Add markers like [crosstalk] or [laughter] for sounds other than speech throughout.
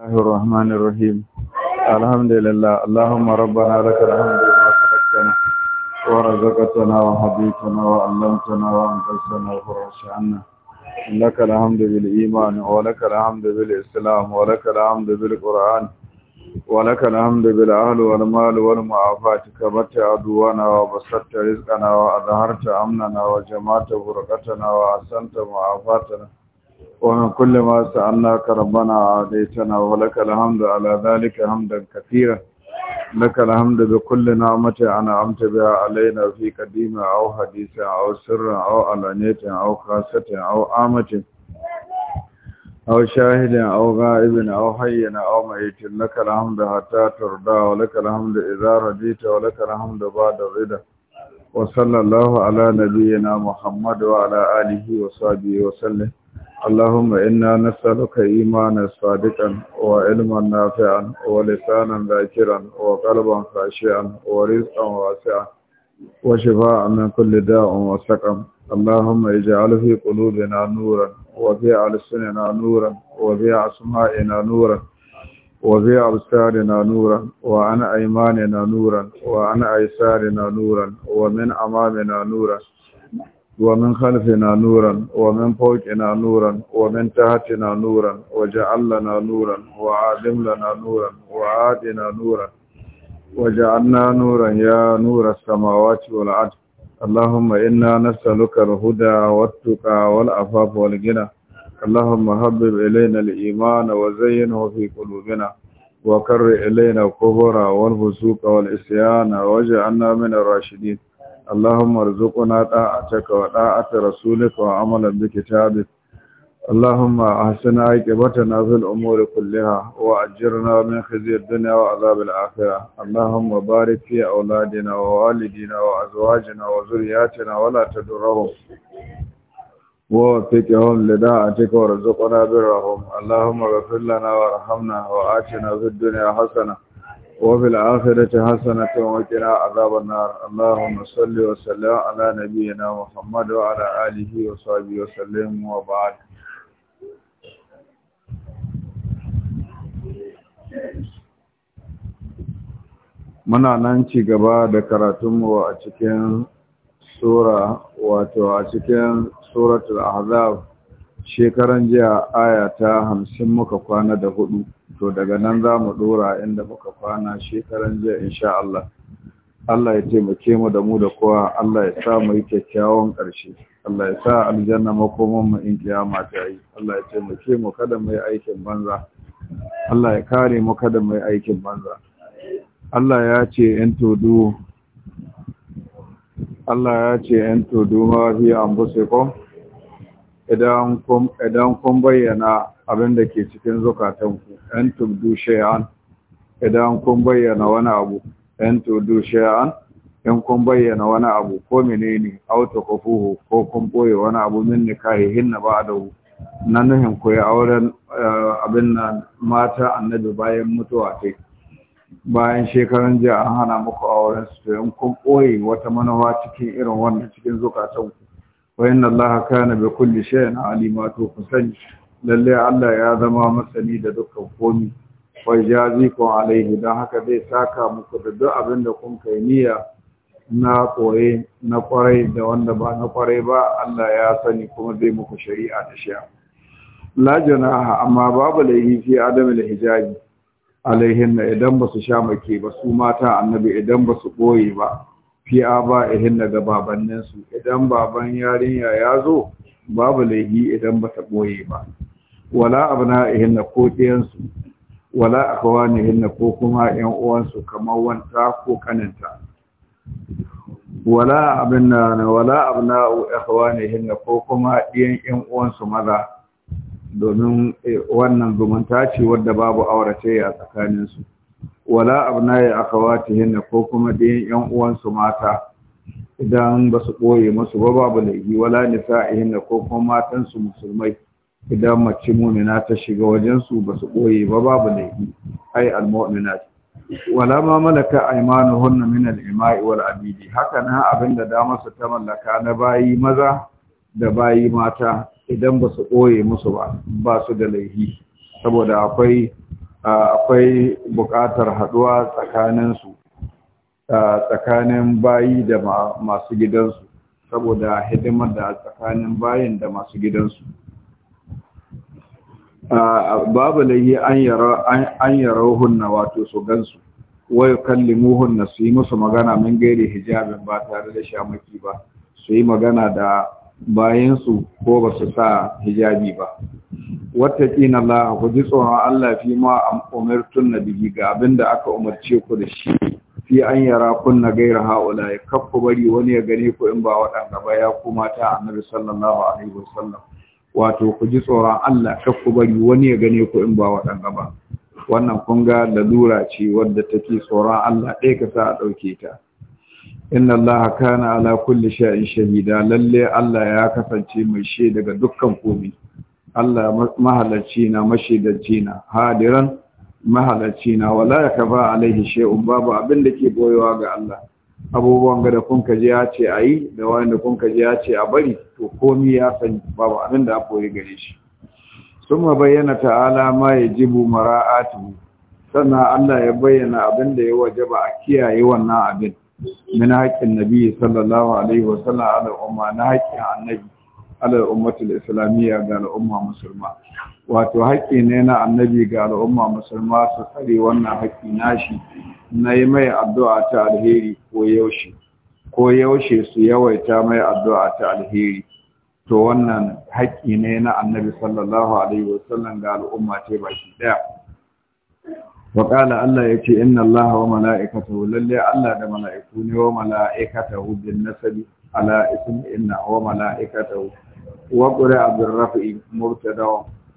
الله الرحمن الرحيم الحمد لله اللهم ربنا لك الحمد لما خلقتنا ورزقتنا وهديتنا وعلمتنا وانقذتنا وفرجت عنا لك الحمد بالإيمان ولك الحمد بالإسلام ولك الحمد بالقرآن ولك الحمد بالأهل والمال والمعافات كبت عدونا وبسطت رزقنا وأظهرت أمننا وجمعت بركتنا وأحسنت معافاتنا ومن كل ما سألناك ربنا عاديتنا ولك الحمد على ذلك حمدا كثيرا لك الحمد بكل نعمة أنا عمت بها علينا في قديمة أو حديثة أو سر أو علانية أو خاصة أو عامة أو شاهد أو غائب أو حي أو ميت لك الحمد حتى ترضى ولك الحمد إذا رضيت ولك الحمد بعد الرضا وصلى الله على نبينا محمد وعلى آله وصحبه وسلم اللهم إنا نسألك إيمانا صادقا وعلما نافعا ولسانا ذاكرا وقلبا خاشعا ورزقا واسعا وشفاء من كل داء وسقم اللهم اجعل في قلوبنا نورا وفي ألسننا نورا وفي أسمائنا نورا وفي أبصارنا نورا وعن أيماننا نورا وعن أيسارنا نورا ومن أمامنا نورا ومن خلفنا نورا ومن فوقنا نورا ومن تحتنا نورا وجعل لنا نورا وعادم لنا نورا وعادنا نورا وجعلنا نورا يا نور السماوات والعدل اللهم إنا نسألك الهدى والتقى والعفاف والغنى اللهم حبب إلينا الإيمان وزينه في قلوبنا وكر إلينا الكفر والفسوق والعصيان واجعلنا من الراشدين اللهم ارزقنا طاعتك وطاعة رسولك وعملا بكتابك اللهم أحسن عاقبتنا في الأمور كلها وأجرنا من خزي الدنيا وعذاب الآخرة اللهم بارك في أولادنا ووالدينا وأزواجنا وذرياتنا ولا تدرهم ووفقهم لداعتك وارزقنا برهم اللهم اغفر لنا وارحمنا وآتنا في الدنيا حسنة وفي الآخرة حسنة وقنا عذاب النار اللهم صل وسلم على نبينا محمد وعلى آله وصحبه وسلم وبعد Muna nan ci gaba da karatunmu a cikin Sura wato a cikin Suratul Ahzab shekaran jiya aya ta hamsin muka kwana da hudu. to daga nan za mu dora inda muka kwana shekaran jiya insha Allah Allah ya taimake mu da mu da kowa Allah ya sa mu yi kyakkyawan ƙarshe Allah ya sa aljanna makoman mu in kiyama ta yi Allah ya taimake mu kada mu yi aikin banza Allah ya kare mu kada mu yi aikin banza Allah ya ce in tudu Allah ya ce in tudu ma fi an buse ko idan kun bayyana abin da ke cikin zukatanku ɗan tubdu shay'an idan kun bayyana wani abu ɗan tubdu shay'an in kun bayyana wani abu ko menene auta kofuhu ko kun boye wani abu min nikahihin na ba da na nuhin ku ya auren eh, abin nan mata annabi bayan mutuwa ta bayan shekaran jiya an hana muku auren su to in kun boye wata manawa cikin irin wannan cikin zukatanku wa inna allaha kana bi kulli shay'in alima to ku sani lalle Allah ya zama masani da dukkan komi wa jazikum alaihi dan haka zai saka muku da duk abin da kun kai niyya na koye na kwarai da wanda ba na kwarai ba Allah ya sani kuma zai muku shari'a da sha la janaha amma babu laifi fi adam al hijabi alaihin idan ba su sha make ba su mata annabi idan ba su boye ba fi aba ihin ga babanninsu idan baban yarinya ya zo babu laifi idan ba ta boye ba wala abna'ihin na ko ɗiyansu wala akawanihin na ko kuma ƴan uwansu kamar wanta ko kananta wala abinna na wala abna'u akawanihin na ko kuma ɗiyan ƴan uwansu maza domin eh, wannan zumunta ce wadda babu aurace a su wala abna'i akawatihin na ko kuma ɗiyan ƴan uwansu mata idan ba su koye musu ba babu laifi wala nisa'ihin ko kuma matan su musulmai idan mace mumina ta shiga wajensu ba su ɓoye ba babu laifi ai almu'minat wala ma malaka aymanuhunna min al-ima'i wal abidi haka na abinda da masu ta mallaka na bayi maza da bayi mata idan ba su ɓoye musu ba ba su da laifi saboda akwai akwai buƙatar haɗuwa su tsakanin bayi da masu gidansu saboda hidimar da tsakanin bayin da masu gidansu babu lahi an yara hunna wato su gansu wai kallimu hunna su yi musu magana min gairi hijabin ba tare da shamaki ba su yi magana da bayansu ko ba su sa hijabi ba wata ƙina Allah ku ji tsoron Allah fi ma umartun na bihi ga abin da aka umarce ku da shi fi an yara kunna gaira haula ya kafa bari wani ya gani ku in ba waɗanda ba ya kuma ta annabi sallallahu alaihi wasallam wato ku ji tsoron Allah kar ku bari wani ya gane ku in ba waɗanga ba wannan kun ga lalura ce wadda take tsoron Allah ɗaya ka sa a ɗauke ta inna Allah kana ala kulli sha'in shahida lalle Allah ya kasance mai she daga dukkan komai Allah mahalarci na mashaidarci na hadiran mahalarci na wala ya kafa alaihi shay'un babu abin da ke boyewa ga Allah abubuwan da kun ji ya ce a yi da da kun ji ya ce a bari to komi ya sani babu abin da aka yi gare shi sun bayyana ta'ala ma ya jibu mara'atu sannan Allah ya bayyana abin da ya wajaba a kiyaye wannan abin min haƙƙin nabi sallallahu alaihi wasallam ala umma na haƙƙin annabi alal ummatul islamiyya ga al'umma musulma wato haƙƙi ne na annabi ga al'umma musulma su kare wannan haƙƙi nashi na yi mai addu'a ta alheri ko yaushe ko yaushe su yawaita mai addu'a ta alheri to wannan haƙƙi ne na annabi sallallahu alaihi wasallam ga al'umma ce baki daya wa qala Allah yace inna Allaha wa mala'ikatahu lalle Allah da mala'iku ne wa mala'ikatahu bin nasabi ala ismi inna wa mala'ikatahu wa qura abir rafi mubtada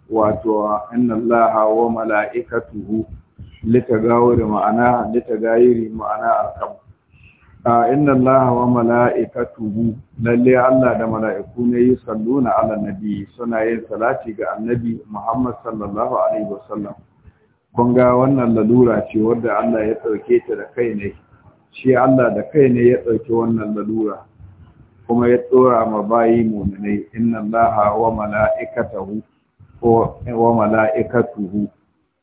wato inna allaha wa mala'ikatuhu litagawir ma'ana litagayiri ma'ana A inna allaha wa mala'ikatuhu lalle Allah da mala'iku ne yi salluna ala nabi suna yin salati ga annabi Muhammad sallallahu alaihi wasallam kun ga wannan lalura ce wadda Allah ya dauke ta da kai ne shi Allah da kai ne ya dauke wannan lalura kuma ya tsora ma bayi mu'minai inna allaha wa mala'ikatahu wa mala'ikatuhu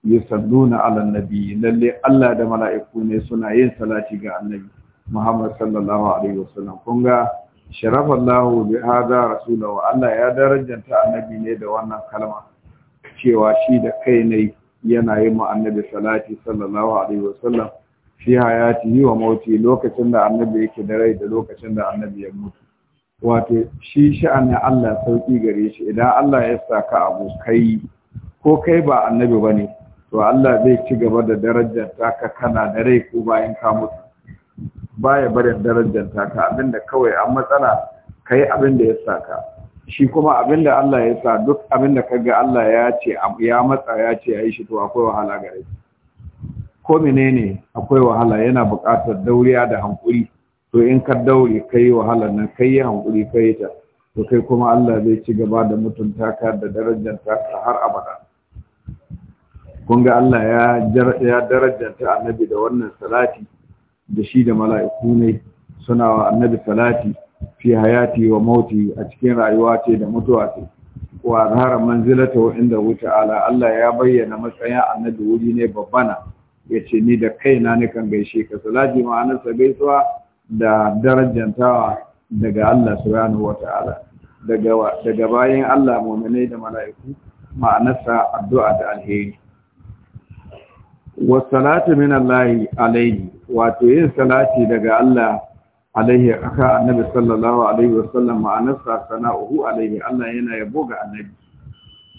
yusalluna 'alan nabi lalle Allah da mala'iku ne suna yin salati ga annabi Muhammad sallallahu alaihi wasallam kun ga sharafallahu Allah bi hada rasulahu Allah ya darajanta annabi ne da wannan kalma cewa shi da kai ne yana yi ma annabi salati sallallahu alaihi wasallam fi hayati wa mauti lokacin da annabi yake da rai da lokacin da annabi ya mutu wato shi sha'anin Allah sauki gare shi idan Allah ya sa ka abu kai ko kai ba annabi bane to Allah zai ci gaba da darajar ka kana da rai ko bayan ka mutu baya barin darajar ka, abinda kawai an matsala kai abinda ya sa ka, shi kuma abinda Allah ya sa duk abinda kaga Allah ya ce ya matsa ya ce shi to akwai wahala gare shi ko menene akwai wahala yana buƙatar dauriya da hankuri to in ka daure kai wahala nan kai yi hankuri kai ta to kai kuma Allah zai ci gaba da mutunta ka da darajar ka har abada kun ga Allah ya ya ta annabi da wannan salati da shi da mala'iku ne suna wa annabi salati fi hayati wa mauti a cikin rayuwa ce da mutuwa ce wa zahara manzilata inda wuta ala Allah ya bayyana matsayin annabi wuri ne babbana ya ce ni da kaina ne kan gaishe ka salati ma'anarsa gaisuwa da darajantawa daga Allah subhanahu wata'ala daga daga bayan Allah mu'minai da mala'iku ma'anarsa addu'a da alheri salatu min Allah alaihi wato yin salati daga Allah alaihi aka annabi sallallahu alaihi wasallam ma'anarsa sana'uhu alaihi Allah yana yabo ga annabi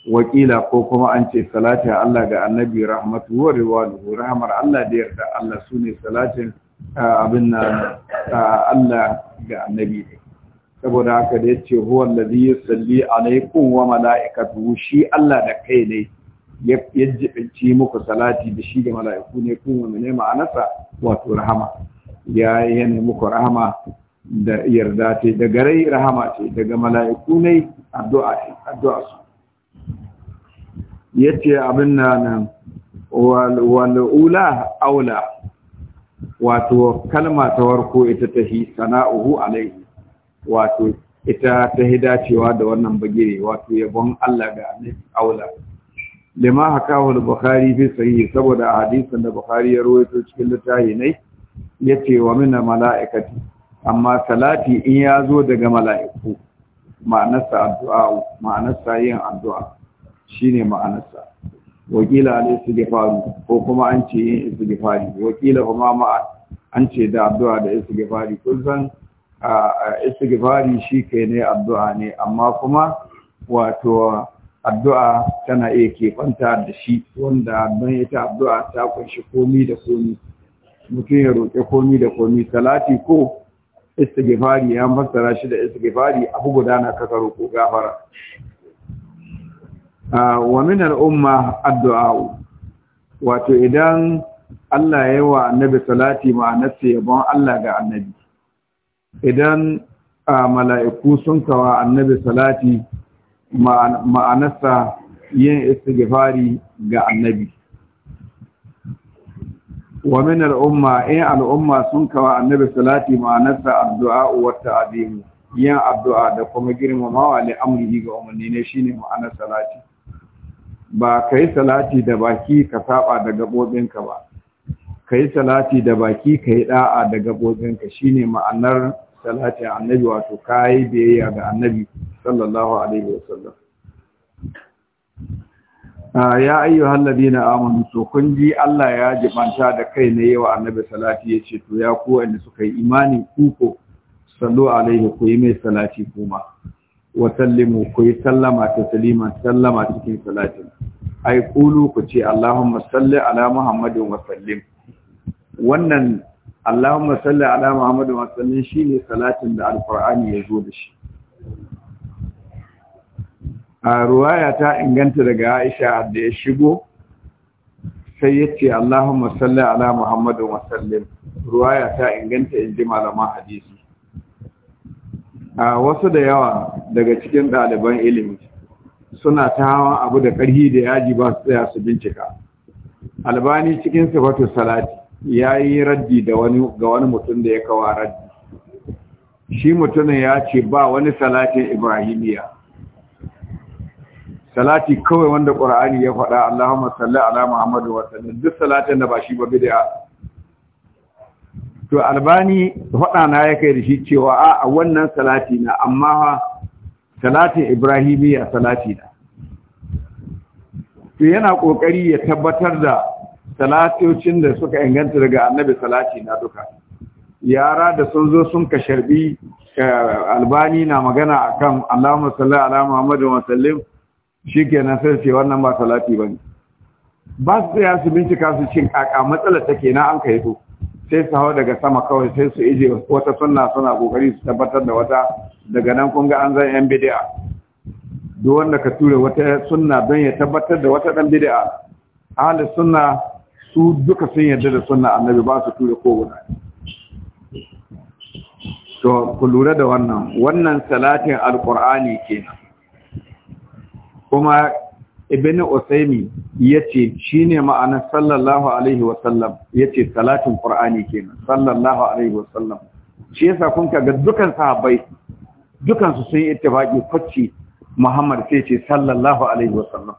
wakila ko kuma an ce salati Allah ga annabi rahmatu wa riwaluhu rahmar Allah da yarda Allah sune salatin abin nan Allah ga annabi saboda haka da yace huwa allazi yusalli alaikum wa mala'ikatu shi Allah da kai ne ya jibinci muku salati da shi da mala'iku ne kun wa ne ma'anarsa wato rahama ya yana muku rahama da yarda ce daga rai rahama ce daga mala'iku ne addu'a ce addu'a su yace abin nan wal wal aula wato kalma ta warko ita ta hi sana'uhu alaihi wato ita ta hi dacewa da wannan bagire wato yabon Allah ga annabi aula lima hakahu al-bukhari fi sahih saboda hadisin da bukhari ya rawaito cikin littafi ne yace wa min malaikati amma salati in ya zo daga mala'iku ma'anarsa addu'a ma'anarsa yin addu'a shine ma'anarsa wakila ne istighfaru ko kuma an ce yin istighfari wakila kuma ma an ce da addu'a da gifari kun san istighfari shi ke ne addu'a ne amma kuma wato addu'a tana iya keɓanta da shi wanda don ita addu'a ta kunshi komi da komi mutum ya roƙe komi da komi talati ko istighfari ya fassara shi da istighfari abu guda na kaka roƙo gafara Ah, wa min umma addu'a wato idan Allah ya yi wa annabi salati ma'anarsa yabon Allah ga annabi idan ah, mala'iku sun kawa annabi salati ma'anarsa yin istighfari ga annabi wa min umma in al'umma sun kawa annabi salati ma'anarsa addu'a wa ta'zimu yin addu'a da kuma girmamawa li amrihi ga umarni ne shine ma'anar salati ba ka yi salati da baki ka saba da gabobinka ba ka yi salati da baki ka yi da'a da gabobinka shine ma'anar salati annabi wato ka yi biyayya ga annabi sallallahu alaihi wasallam ya hallabi na amanu to kun ji Allah ya jibanta da kai na yawa annabi salati ya ce, to ya ku wanda suka yi imani ku sallu alaihi ku yi mai salati kuma wa sallimu ku yi sallama ta salima sallama cikin salatin ai kulu ku ce Allahumma salli ala Muhammadin wa sallim wannan Allahumma salli ala Muhammadin wa sallim shine salatin da alqur'ani ya zo da shi a ruwaya ta inganta daga Aisha da ya shigo sai ya ce Allahumma salli ala Muhammadin wa sallim ruwaya ta inganta in ji malaman hadisi a wasu da yawa daga cikin ɗaliban ilimi suna ta hawa abu da ƙarhi da yaji ba su tsaya su bincika albani cikin sifatu salati ya yi raddi da wani ga wani mutum da ya kawa raddi shi mutumin ya ce ba wani salatin ibrahimiya salati kawai wanda ƙur'ani ya faɗa Allahumma salli ala Muhammadu wa sallam duk salatin da ba shi ba bid'a to albani faɗa na ya kai da shi cewa a wannan salati na amma salatin ibrahimiyya salati na to yana kokari ya tabbatar da salatocin da suka inganta daga annabi salati na duka yara da sun zo sun ka sharbi eh, albani na magana akan Allahumma salli ala Muhammadin wa sallim shikenan sai ce wannan ba salati bane ba su tsaya su bincika su cin kaka matsalar take na an kai to sai su hawa daga sama kawai sai su ije wata sunna suna kokari su tabbatar da wata daga nan kun ga an zan yan bid'a duk wanda ka ture wata sunna don ya tabbatar da wata dan bid'a ahli sunna su duka sun yarda da sunna annabi ba su ture ko guda to ku lura da wannan wannan salatin alqur'ani kenan kuma ibn usaimi yace shine ma'ana sallallahu alaihi wa sallam yace salatin qur'ani kenan sallallahu alaihi wa sallam shi yasa kun ga dukan sahabbai dukansu sun yi ittifaqi kwacce Muhammad sai ce sallallahu alaihi wasallam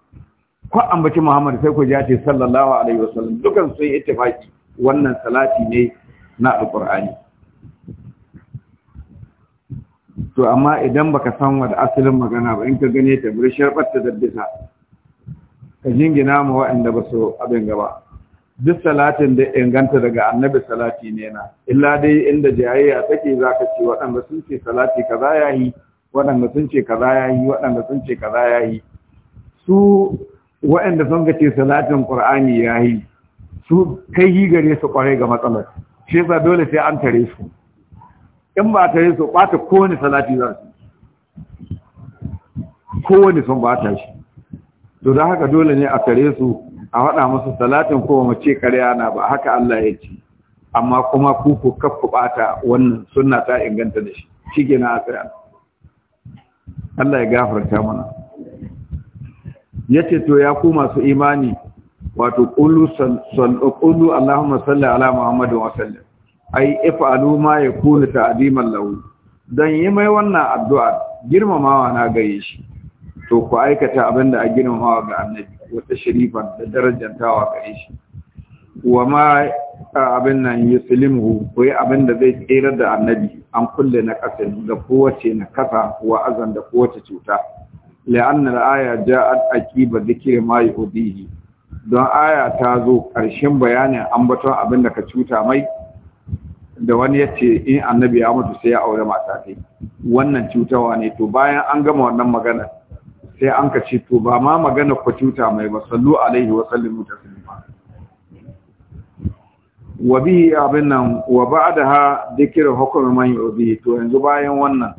ko ambaci Muhammad sai ku ji ce sallallahu alaihi wasallam dukan sun yi ittifaqi wannan salati ne na alqur'ani to amma idan baka san wa asalin magana ba in ka gane ta bir sharbatta dabbisa ka jingina mu waɗanda ba su abin gaba duk salatin da inganta daga annabi salati ne na illa dai inda jayayya take ka ce waɗanda sun ce salati kaza yi, waɗanda sun ce kaza yi, waɗanda sun ce kaza yi, su waɗanda sun ce salatin qur'ani yi, su kai yi gare su kwarai ga matsalar shi yasa dole sai an tare su in ba tare su ɓata kowane salati za su kowane sun bata shi to da haka dole ne a tare su a haɗa musu salatin ko mu ce ƙarya na ba haka Allah ya ce amma kuma ku ku kafa bata wannan sunna ta inganta da shi ke na tsaya Allah ya gafarta mana yace to ya ku masu imani wato qulu sallu Allahumma salli ala Muhammadin wa sallam ai ifalu ma yakunu ta'diman lahu dan yi mai wannan addu'a girmamawa na gare shi to ku aikata abinda a girmamawa ga annabi wata sharifa da darajantawa gare shi wa ma abin nan silimu, ko abin da zai tserar da annabi an kulle na kasa da kowace na kasa wa azan da kowace cuta la'anna al-aya ja'at aqiba dhikri ma yudihi don aya ta zo ƙarshen bayanin ambaton abin da ka cuta mai da wani ya ce in annabi ya mutu sai ya aure mata kai wannan cutawa ne to bayan an gama wannan maganar. sai an ka ce to ba ma magana kwatuta mai ba sallu alaihi wa sallimu taslima wa bi abin nan wa ba'daha dhikr hukm man yubi to yanzu bayan wannan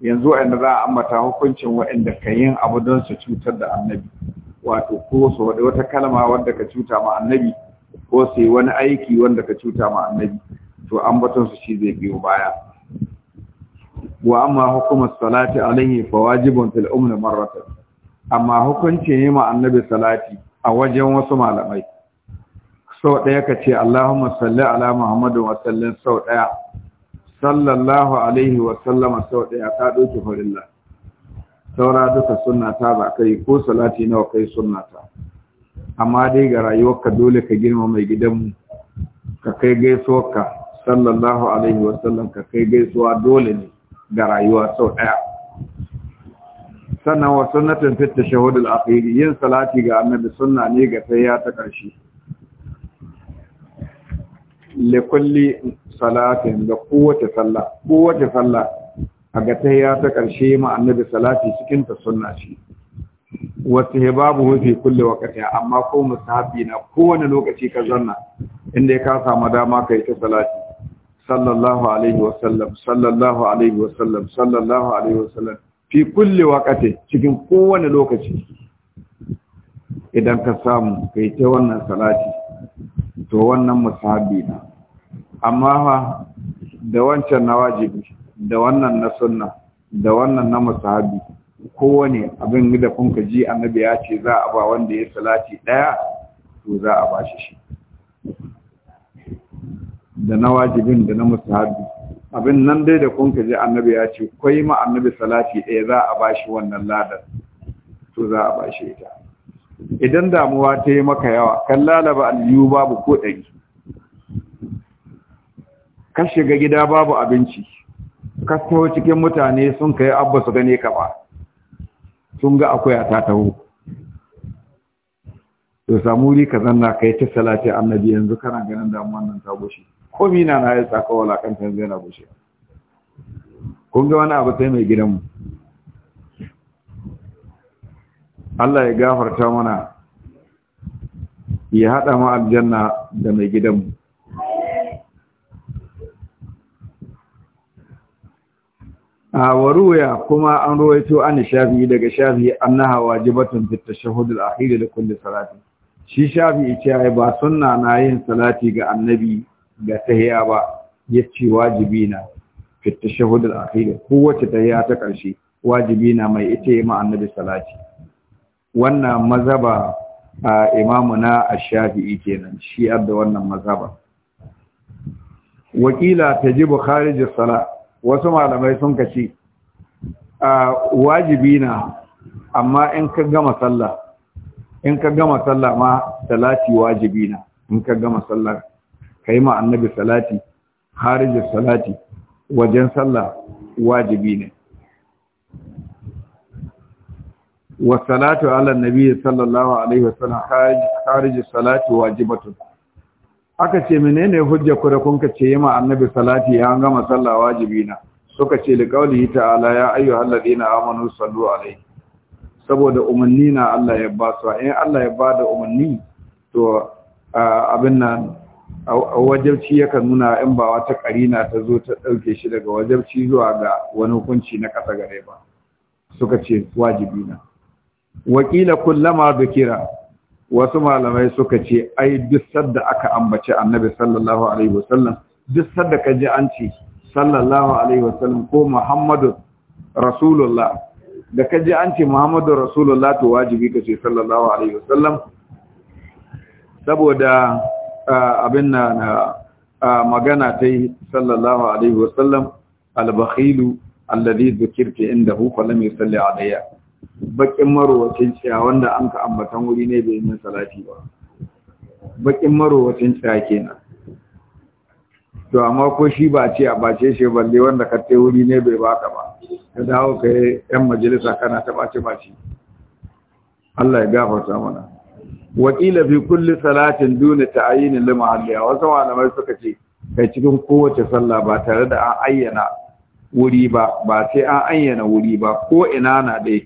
yanzu inda za a ambata hukuncin waɗanda ka yin abu don su cutar da annabi wato ko su wada wata kalma wanda ka cuta ma annabi ko su wani aiki wanda ka cuta ma annabi to ambaton su shi zai biyo baya wa amma hukumar salati alaihi fa wajibun fil umri marratan amma hukunci ne ma annabi salati a wajen wasu malamai sau daya ka ce Allahumma salli ala Muhammadu wa sallin sau ɗaya sallallahu alaihi wa sallama sau ɗaya ta ɗauki farilla saura duka sunna ta ba kai ko salati nawa kai sunna ta amma dai ga ka dole ka girma mai gidanmu ka kai gaisuwa ka. sallallahu alaihi wa sallam ka kai gaisuwa dole ne ga rayuwa sau ɗaya sannan wa sunnatin fitta shahudul akhiri yin salati ga annabi sunna ne ga ya ta ƙarshe likulli salatin da kowace sallah kowace sallah a ga ya ta ƙarshe ma annabi salati cikin ta sunna shi wasu hibabu mafi kulle wakati amma ko musahabi na kowane lokaci ka zanna inda ya ka samu dama ka yi ta salati sallallahu alaihi wasallam sallallahu alaihi wasallam sallallahu alaihi wasallam fi kulli waqati cikin kowane lokaci idan ka samu kai ta wannan salati to wannan musahabi na amma fa da wancan na wajibi da wannan na sunna da wannan na musahabi kowane abin da kun ka ji annabi ya ce za a ba wanda ya salati daya to za a ba shi shi da na wajibin da na mustahabi abin nan dai da kun ji annabi ya ce kwai ma annabi salati ɗaya za a bashi wannan ladar to za a bashi ita idan damuwa ta yi maka yawa kan lalaba aliyu babu ko ɗari ka shiga gida babu abinci ka tawo cikin mutane sun kai abba su gane ka ba sun ga akwai ta taho to samu ri ka zanna kai ta salati annabi yanzu kana ganin damuwan nan ta gushe ko mina na ya tsaka walakantar zai na bushe kun ga wani abu sai mai gidanmu Allah ya gafarta mana ya haɗa mu aljanna da mai gidanmu a waruya kuma an ruwaito an shafi daga shafi annaha wajibatun fi tashahhud al li kulli salati shi shafi ce ai ba sunna na yin salati ga annabi ta tahiya ba ya ce wajibi na fitta shahudar akhir kowace tahiya ta ƙarshe wajibi na mai ita yi ma annabi salati wannan mazaba a imamu na ash-shafi'i kenan shi da wannan mazaba wakila ji kharij as-sala wasu malamai sun a wajibi na amma in ka gama sallah in ka gama sallah ma salati wajibi na in ka gama sallah ka yi ma annabi salati harijin salati wajen sallah wajibi ne wasalatu ala nabi sallallahu alaihi wasallam harijin salati wajibatun aka ce menene hujja kure kun ka ce yi ma annabi salati ya gama sallah wajibi na suka ce liqaulihi ta'ala ya ayyuhal ladina amanu sallu alaihi saboda umarni na Allah ya ba su in Allah ya ba da umarni to abin nan wajabci yakan nuna in ba wata karina ta zo ta ɗauke shi daga wajabci zuwa ga wani hukunci na ƙasa gare ba suka ce wajibi na wakila kullama zikira wasu malamai suka ce ai duk sadda aka ambaci annabi sallallahu alaihi wasallam duk sadda ka ji an ce sallallahu alaihi wasallam ko muhammadu rasulullah da ka ji an ce muhammadu rasulullah to wajibi ka ce sallallahu alaihi wasallam saboda abin na magana ta yi sallallahu alaihi wasallam albakhilu alladhi dhukirtu indahu falam yusalli alayya bakin marowacin tsaya wanda an ka ambatan wuri ne bai yi salati ba bakin marowacin ciya kenan to amma ko shi ba ce a bace shi balle wanda ka tai wuri ne bai baka ba ka dawo kai yan majalisa kana ta bace bace Allah ya gafarta mana wakila fi kulli salatin duna ta'ayinin lil mahalliya wasu malamai suka ce kai cikin kowace sallah ba tare da an ayyana wuri ba ba sai an ayyana wuri ba ko ina na dai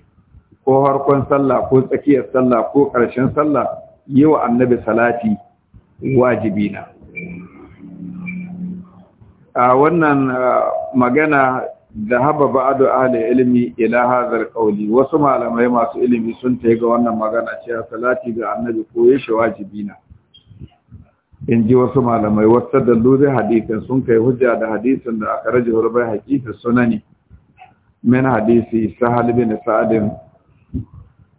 ko harkon sallah ko tsakiyar sallah ko ƙarshen sallah yi wa annabi salati wajibi na a wannan ah, magana ذهب بعض اهل العلم الى هذا القول wasu malamai masu ilimi sun tayi ga wannan magana cewa salati ga annabi ko ya wajibi na in ji wasu malamai wasu da lura hadisin sun kai hujja da hadisin da aka raje hurbai hakika sunani min hadisi sahal bin sa'adin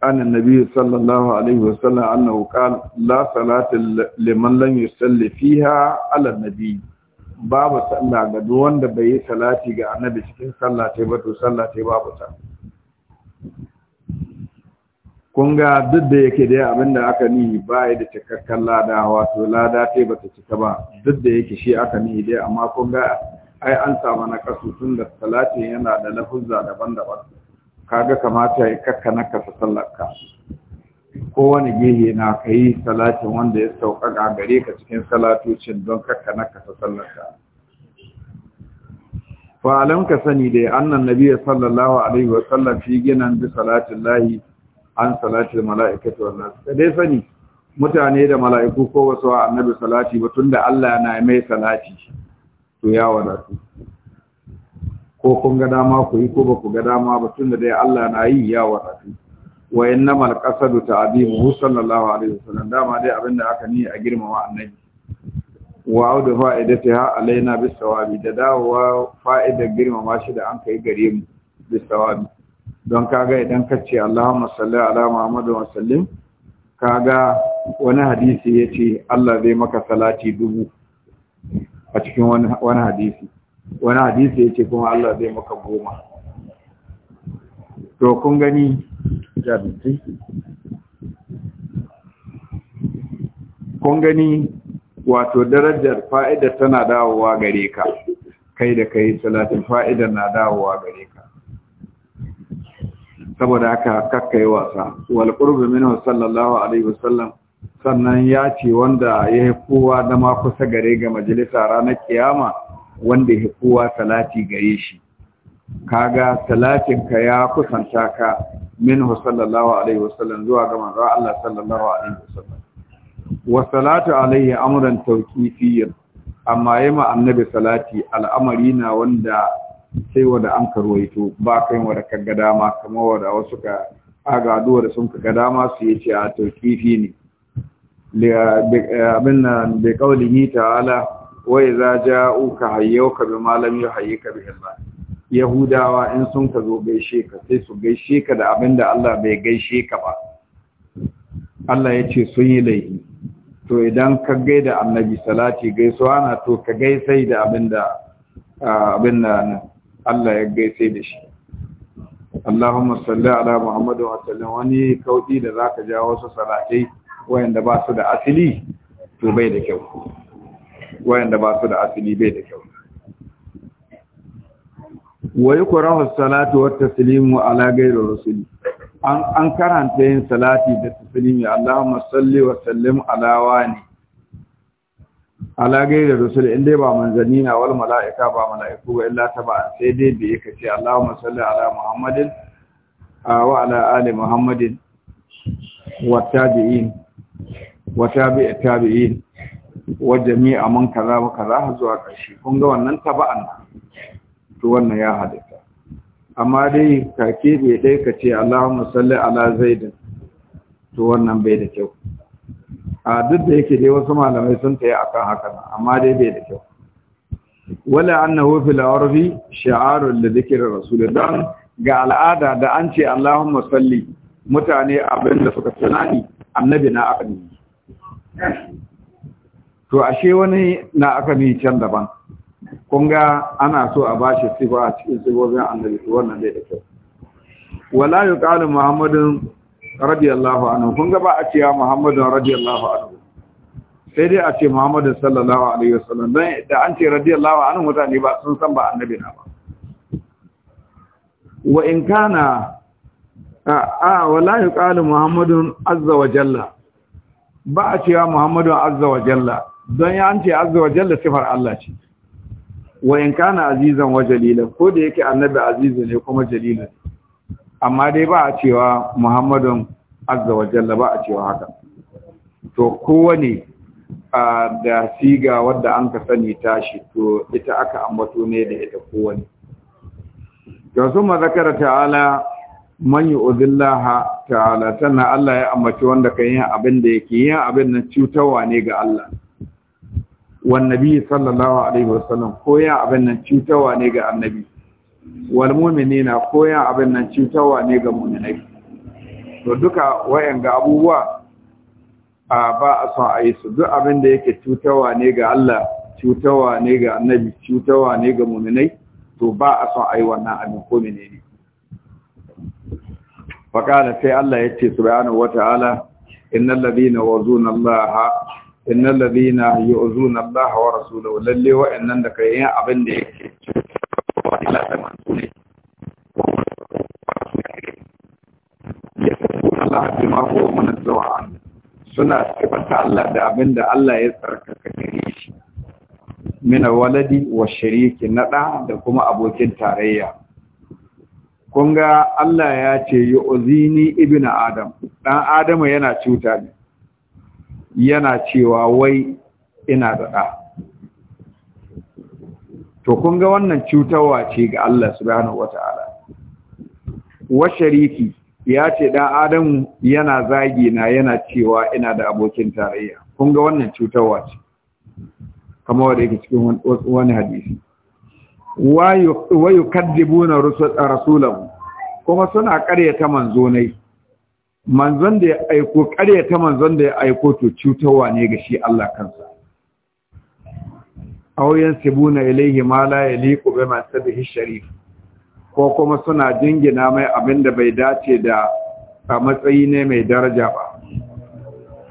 an annabi sallallahu alaihi wasallam annahu qala la salata liman lam yusalli fiha ala nabiy babu sallah ga duk wanda bai yi salati ga annabi cikin sallah tai ba to sallah tai babu ta kun ga duk da yake dai abinda da aka nihi ba ya da cikakken lada wato lada tai ba ta cika ba duk da yake shi aka nihi dai amma kun ga ai an samu na kasu tun da salati yana da lafuzza daban-daban kaga kamata ya kakka nakasa kasa sallar ka kowane gehe na ka yi salatin wanda ya sauƙaƙa gare ka cikin salatocin don kakka na kasa sallarka fa'alam ka sani da annan nabiya sallallahu alaihi wa sallam fi gina bi salatin lahi an salatin mala'ikatu wannan ka dai sani mutane da mala'iku ko wasu annabi salati ba da Allah na mai salati to ya wadatu ko kun ga dama ku yi ko ba ku ga dama ba da dai Allah na yi ya wadatu wa innama al-qasadu ta'dibuhu sallallahu alaihi wasallam dama dai abinda aka ni a girmama annabi wa audu fa'idataha alaina bis sawabi da dawowa fa'idar girmama shi da an kai gare mu bis sawabi don kaga idan ka ce Allahumma salli ala Muhammad wa sallim kaga wani hadisi yace Allah zai maka salati dubu a cikin wani hadisi wani hadisi yace kuma Allah zai maka goma to kun gani jarumtai kun gani wato darajar fa'idar tana dawowa gare ka kai da kai salatin fa'idar na dawowa gare ka saboda haka kakka yi wasa wal qurbu minhu sallallahu alaihi wasallam sannan ya ce wanda ya yi kowa da ma kusa gare ga majalisa ranar kiyama wanda ya yi kowa salati gare shi kaga salatin ka ya kusanta ka minhu sallallahu alaihi wasallam zuwa ga manzo Allah sallallahu alaihi wasallam wa salatu Alayhi amran tawqifiyyan amma yema annabi salati al'amari na wanda sai wanda an karwaito ba kai wanda kaga dama kamar wanda wasu ka aga duwa da sun kaga dama su yace a tawqifi ne abin nan da kaulihi ta'ala wa idza ja'uka hayyuka bima lam yuhayyika bihi Allah yahudawa in sun ka zo gaishe ka sai su gaishe ka da abin da Allah bai gaishe ka ba Allah ya ce sun yi laifi to idan ka gaida annabi salati gaisuwa na to ka gaisai da abin da abin da Allah ya gaisai da shi Allahumma salli ala Muhammad wa sallam wani kauɗi da za ka ja wasu salatai wayanda ba su da asili to bai da kyau wayanda ba su da asili bai da kyau wa yukrahu salatu wa taslimu ala ghairi rasuli an an karanta yin salati da taslimi Allahumma salli wa sallim ala wani ala ghairi rasuli inda ba manzanni na wal malaika ba malaiku ba illa taba sai dai da yake ce Allahumma salli ala Muhammadin wa ala ali Muhammadin wa tabi'in wa tabi'i tabi'in wa jami'a man kaza wa kaza zuwa kashi kun ga wannan taba'an to wannan ya halitta amma dai kake bai dai ka ce Allahumma salli ala zaidin to wannan bai da kyau a duk da yake dai wasu malamai sun taya akan haka amma dai bai da kyau wala annahu fil arfi shi'arun li dhikri rasulillah ga al'ada da an ce Allahumma salli mutane abin da suka tunani annabi na aka to ashe wani na aka ni can daban kun ga ana so a bashi sifa a cikin sifofin annabi to wannan zai da kyau wala yuqalu muhammadun radiyallahu anhu kun ga ba a ce muhammadun radiyallahu anhu sai dai a ce muhammadun sallallahu alaihi wasallam dan da an ce radiyallahu anhu mutane ba sun san ba annabi na ba wa in kana a wala yuqalu muhammadun azza wa jalla ba a cewa muhammadun azza wa jalla don ya an ce azza wa jalla sifar Allah ce wa in kana azizan wa jalilan ko da yake annabi azizu ne kuma jalilan amma dai ba a cewa muhammadun azza wa jalla ba a cewa haka to kowane da siga wadda an ka sani tashi to ita aka ambato ne da ita kowane to sun mazakara ta'ala man yu'dillaha ta'ala tana Allah ya ambaci wanda kan yin abin da yake yin abin nan cutarwa ne ga Allah wan nabi sallallahu alaihi wa sallam koya abin nan cutarwa ne ga annabi wal mu'minina koya abin nan cutarwa ne ga mu'minai to duka wayanga abubuwa a ba a son a yi su duk abin da yake cutarwa ne ga Allah cutarwa ne ga annabi cutarwa ne ga mu'minai to ba a son a yi wannan abin ko menene faƙala sai Allah ya ce subhanahu wata'ala innal ladina wazuna Allah innal ladina yu'zuna Allah wa rasulahu lalle wa'annan da kai yin abin da yake ila da manzo ne ya kuma Allah bi ma ko mun zuwa suna sifata Allah da abin da Allah ya tsarkaka gare shi min waladi wa shariki na da kuma abokin tarayya kun ga Allah ya ce yu'zini ibina adam dan Adamu yana cuta ne yana cewa wai ina da ɗa to kun ga wannan cutarwa ce ga Allah subhanahu wata'ala wa shariki ya ce ɗan adamu yana zagi na yana cewa ina da abokin tarayya kun ga wannan cutarwa ce kama wadda yake cikin wani hadisi wayu kaddibuna rasulahu kuma suna ƙaryata manzonai manzon da ya aiko ta manzon da ya aiko to cutarwa ne ga shi Allah kansa auyen sibuna ilaihi ma la yaliqu bi sabihi sharif ko kuma suna jingina mai abin da bai dace da a matsayi ne mai daraja ba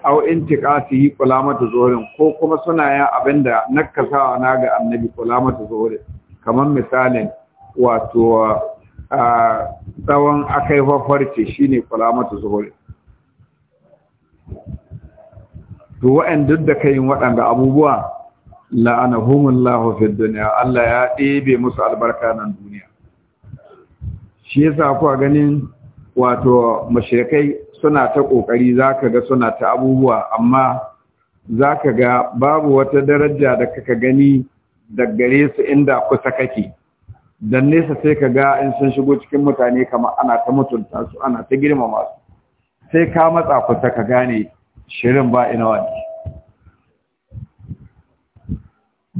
au intiqasi kulamatu zuhurin ko kuma suna yin abin da nakasawa na ga annabi kulamatu zuhurin kamar misalin wato tsawon akai shi shine kulamatu zuhuri to wa'an duk da kayin waɗanda abubuwa la'ana la'anahumullahu lahofin duniya Allah ya ɗebe musu albarka nan duniya shi ya sa kuwa ganin wato mashirkai suna ta ƙoƙari za ka ga suna ta abubuwa amma za ka ga babu wata daraja da kaka gani gare su inda kusa kake dan nesa sai ka ga in sun shigo cikin mutane kamar ana ta mutunta su ana ta girmama su sai ka matsa kusa ka gane shirin ba ina wani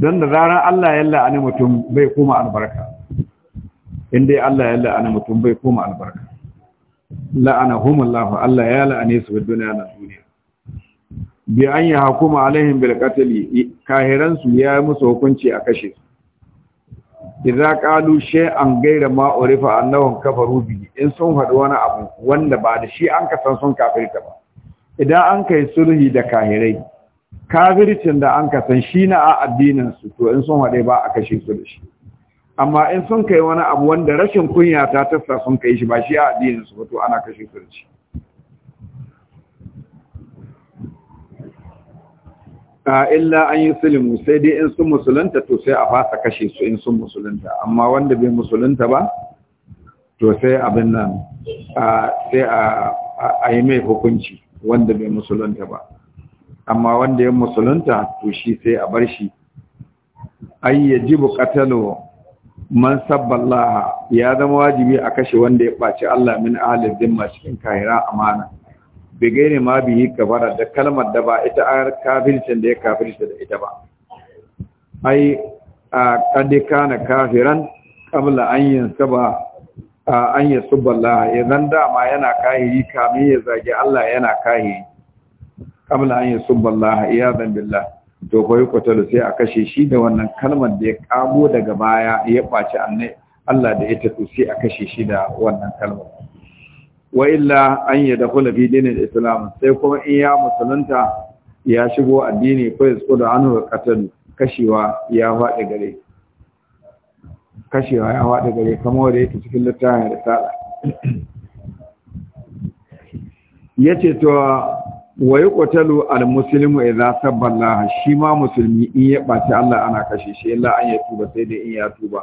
don da zarar Allah ya la'ani mutum bai koma albarka in dai Allah ya la'ani mutum bai koma albarka la'anahum Allah Allah ya la'ani su duniya na duniya bi an yi hukuma alaihim bil qatl kahiran su ya musu hukunci a kashe su idza qalu shay'an ghayra ma urifa annahum kafaru bi in sun hadu wani abu wanda ba da shi an ka san sun kafirta ba idan an kai sulhi da kahirai kafircin da an ka san shi na a addinin su to in sun hade ba a kashe su da shi amma in sun kai wani abu wanda rashin kunya ta tassa sun kai shi ba shi a addinin su to ana kashe su da shi illa an yi sulimu sai dai in sun musulunta to sai a fasa kashe su in sun musulunta amma wanda bai musulunta ba to sai abin nan sai a yi mai hukunci wanda bai musulunta ba amma wanda ya musulunta to shi sai a bar shi ai ji qatalu man sabballaha ya zama wajibi a kashe wanda ya ɓaci Allah min ahli dhimma cikin kahira amana Begene ma biyi kafara da kalmar da ba ita a kafircin da ya kafirce da ita ba ai a kadi kana kafiran kamla an yansaba an yasubba Allah idan da ma yana kahiri kamin ya zage Allah yana kahiri kamla an yasubba ya iyadan billah to koyi kwatalu sai a kashe shi da wannan kalmar da ya kamo daga baya ya ɓaci annai Allah da ita to sai a kashe shi da wannan kalmar wa illa an yi da kula dinin islam sai kuma in ya musulunta ya shigo addini ko ya da an hukatan kashewa ya faɗi gare kashewa ya faɗi gare kama wadda yake cikin littafin risala ya ce to wa yi kotalu al-musulmu idan sabban laha shi ma musulmi in ya ɓaci allah ana kashe shi illa an ya tuba sai dai in ya tuba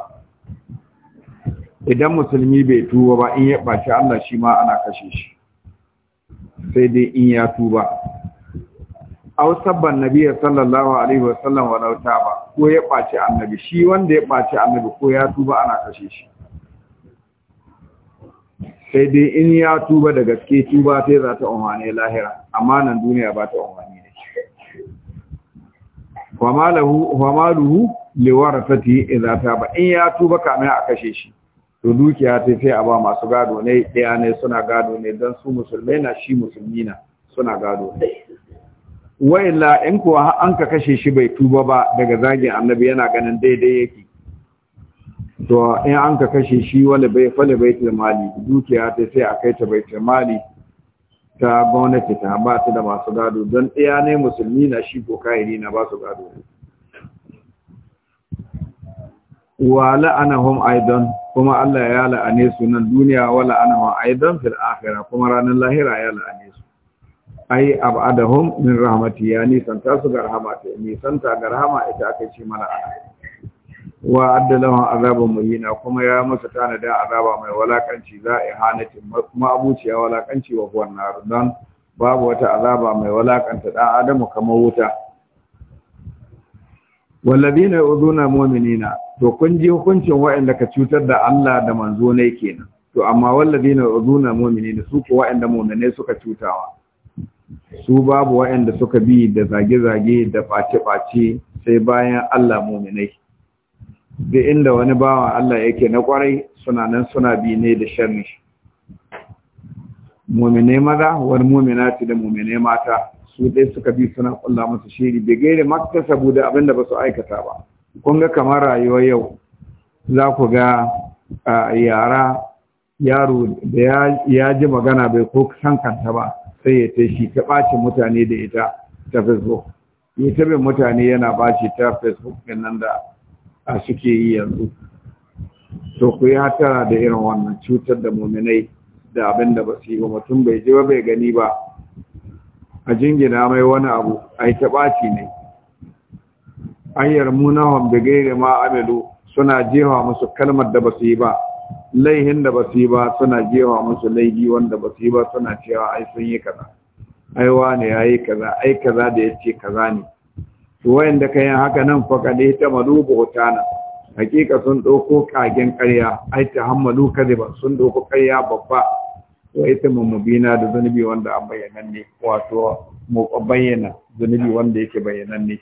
idan musulmi bai tuba ba in ya ɓaci Allah shi ma ana kashe shi sai dai in ya tuba aw sabban nabiyyi sallallahu alaihi wasallam wa law ba ko ya ɓaci annabi shi wanda ya ɓaci annabi ko ya tuba ana kashe shi sai dai in ya tuba da gaske tuba sai za ta umarni lahira amma nan duniya ba ta umarni ne wa malahu wa maluhu liwarasati idza taba in ya tuba kamar a kashe shi to dukiya ta sai a ba masu gado ne ɗaya ne suna gado ne don su musulmai na shi musulmi na suna gado ne wa'illa in kuwa an ka kashe shi bai tuba ba daga zagin annabi yana ganin daidai yake to in an ka kashe shi wani bai fali bai tilmali dukiya ta sai a kai ta bai tilmali ta gwamnati ta ba ta da masu gado don ɗaya ne musulmi na shi ko kayiri na ba su gado wa la'anahum aidan kuma Allah ya la'ane su nan duniya wa la'anahu aidan fil akhirah kuma ranar lahira ya la'ane su ai ab'adahum min rahmati ya nisan ta su garhama rahama ta ta ga rahama ita aka ce mana wa addalahu azabun muhina kuma ya masa tanada azaba mai walakanci za a hanati kuma abuciya walakanci wa huwan nar dan babu wata azaba mai walakanta dan adamu kamar wuta والذين يؤذون المؤمنين to kun ji hukuncin waɗanda ka cutar da Allah da manzo ne kenan to amma azuna mu'mini mu'minina su ko waɗanda mu'minai suka cutawa su babu waɗanda suka bi da zage-zage da face-face sai bayan Allah mu'minai da inda wani bawa Allah yake na kwarai suna nan suna bi ne da sharri mu'minai maza wani mu'minati da mu'minai mata su dai suka bi suna kulla musu shiri bai gaire makka saboda abinda ba su aikata ba kun ga kamar rayuwa yau za ku ga yara yaro da ya ji magana bai ko san kanta ba sai ya ta shi ta mutane da ita ta facebook ya ta bin mutane yana bashi ta facebook ɗin nan da suke yi yanzu to ku yi hatara da irin wannan cutar da muminai da abin da ba su yi ba mutum bai ji ba bai gani ba a jingina mai wani abu a yi ta ɓaci ne Hanyar yarmunahum da ma amilu suna jewa musu kalmar da basu yi ba laihin da basu yi ba suna jewa musu laihi wanda basu yi ba suna cewa ai sun yi kaza ai wane yayi kaza ai kaza da yace kaza ne to da kai haka nan fa kade ta malubu hutana hakika sun ɗauko kagen ƙarya ai ta hammalu kadiba sun ɗauko ƙarya babba wa ita mummubina da zunubi wanda an bayyana ne wato mu bayyana zunubi wanda yake ne.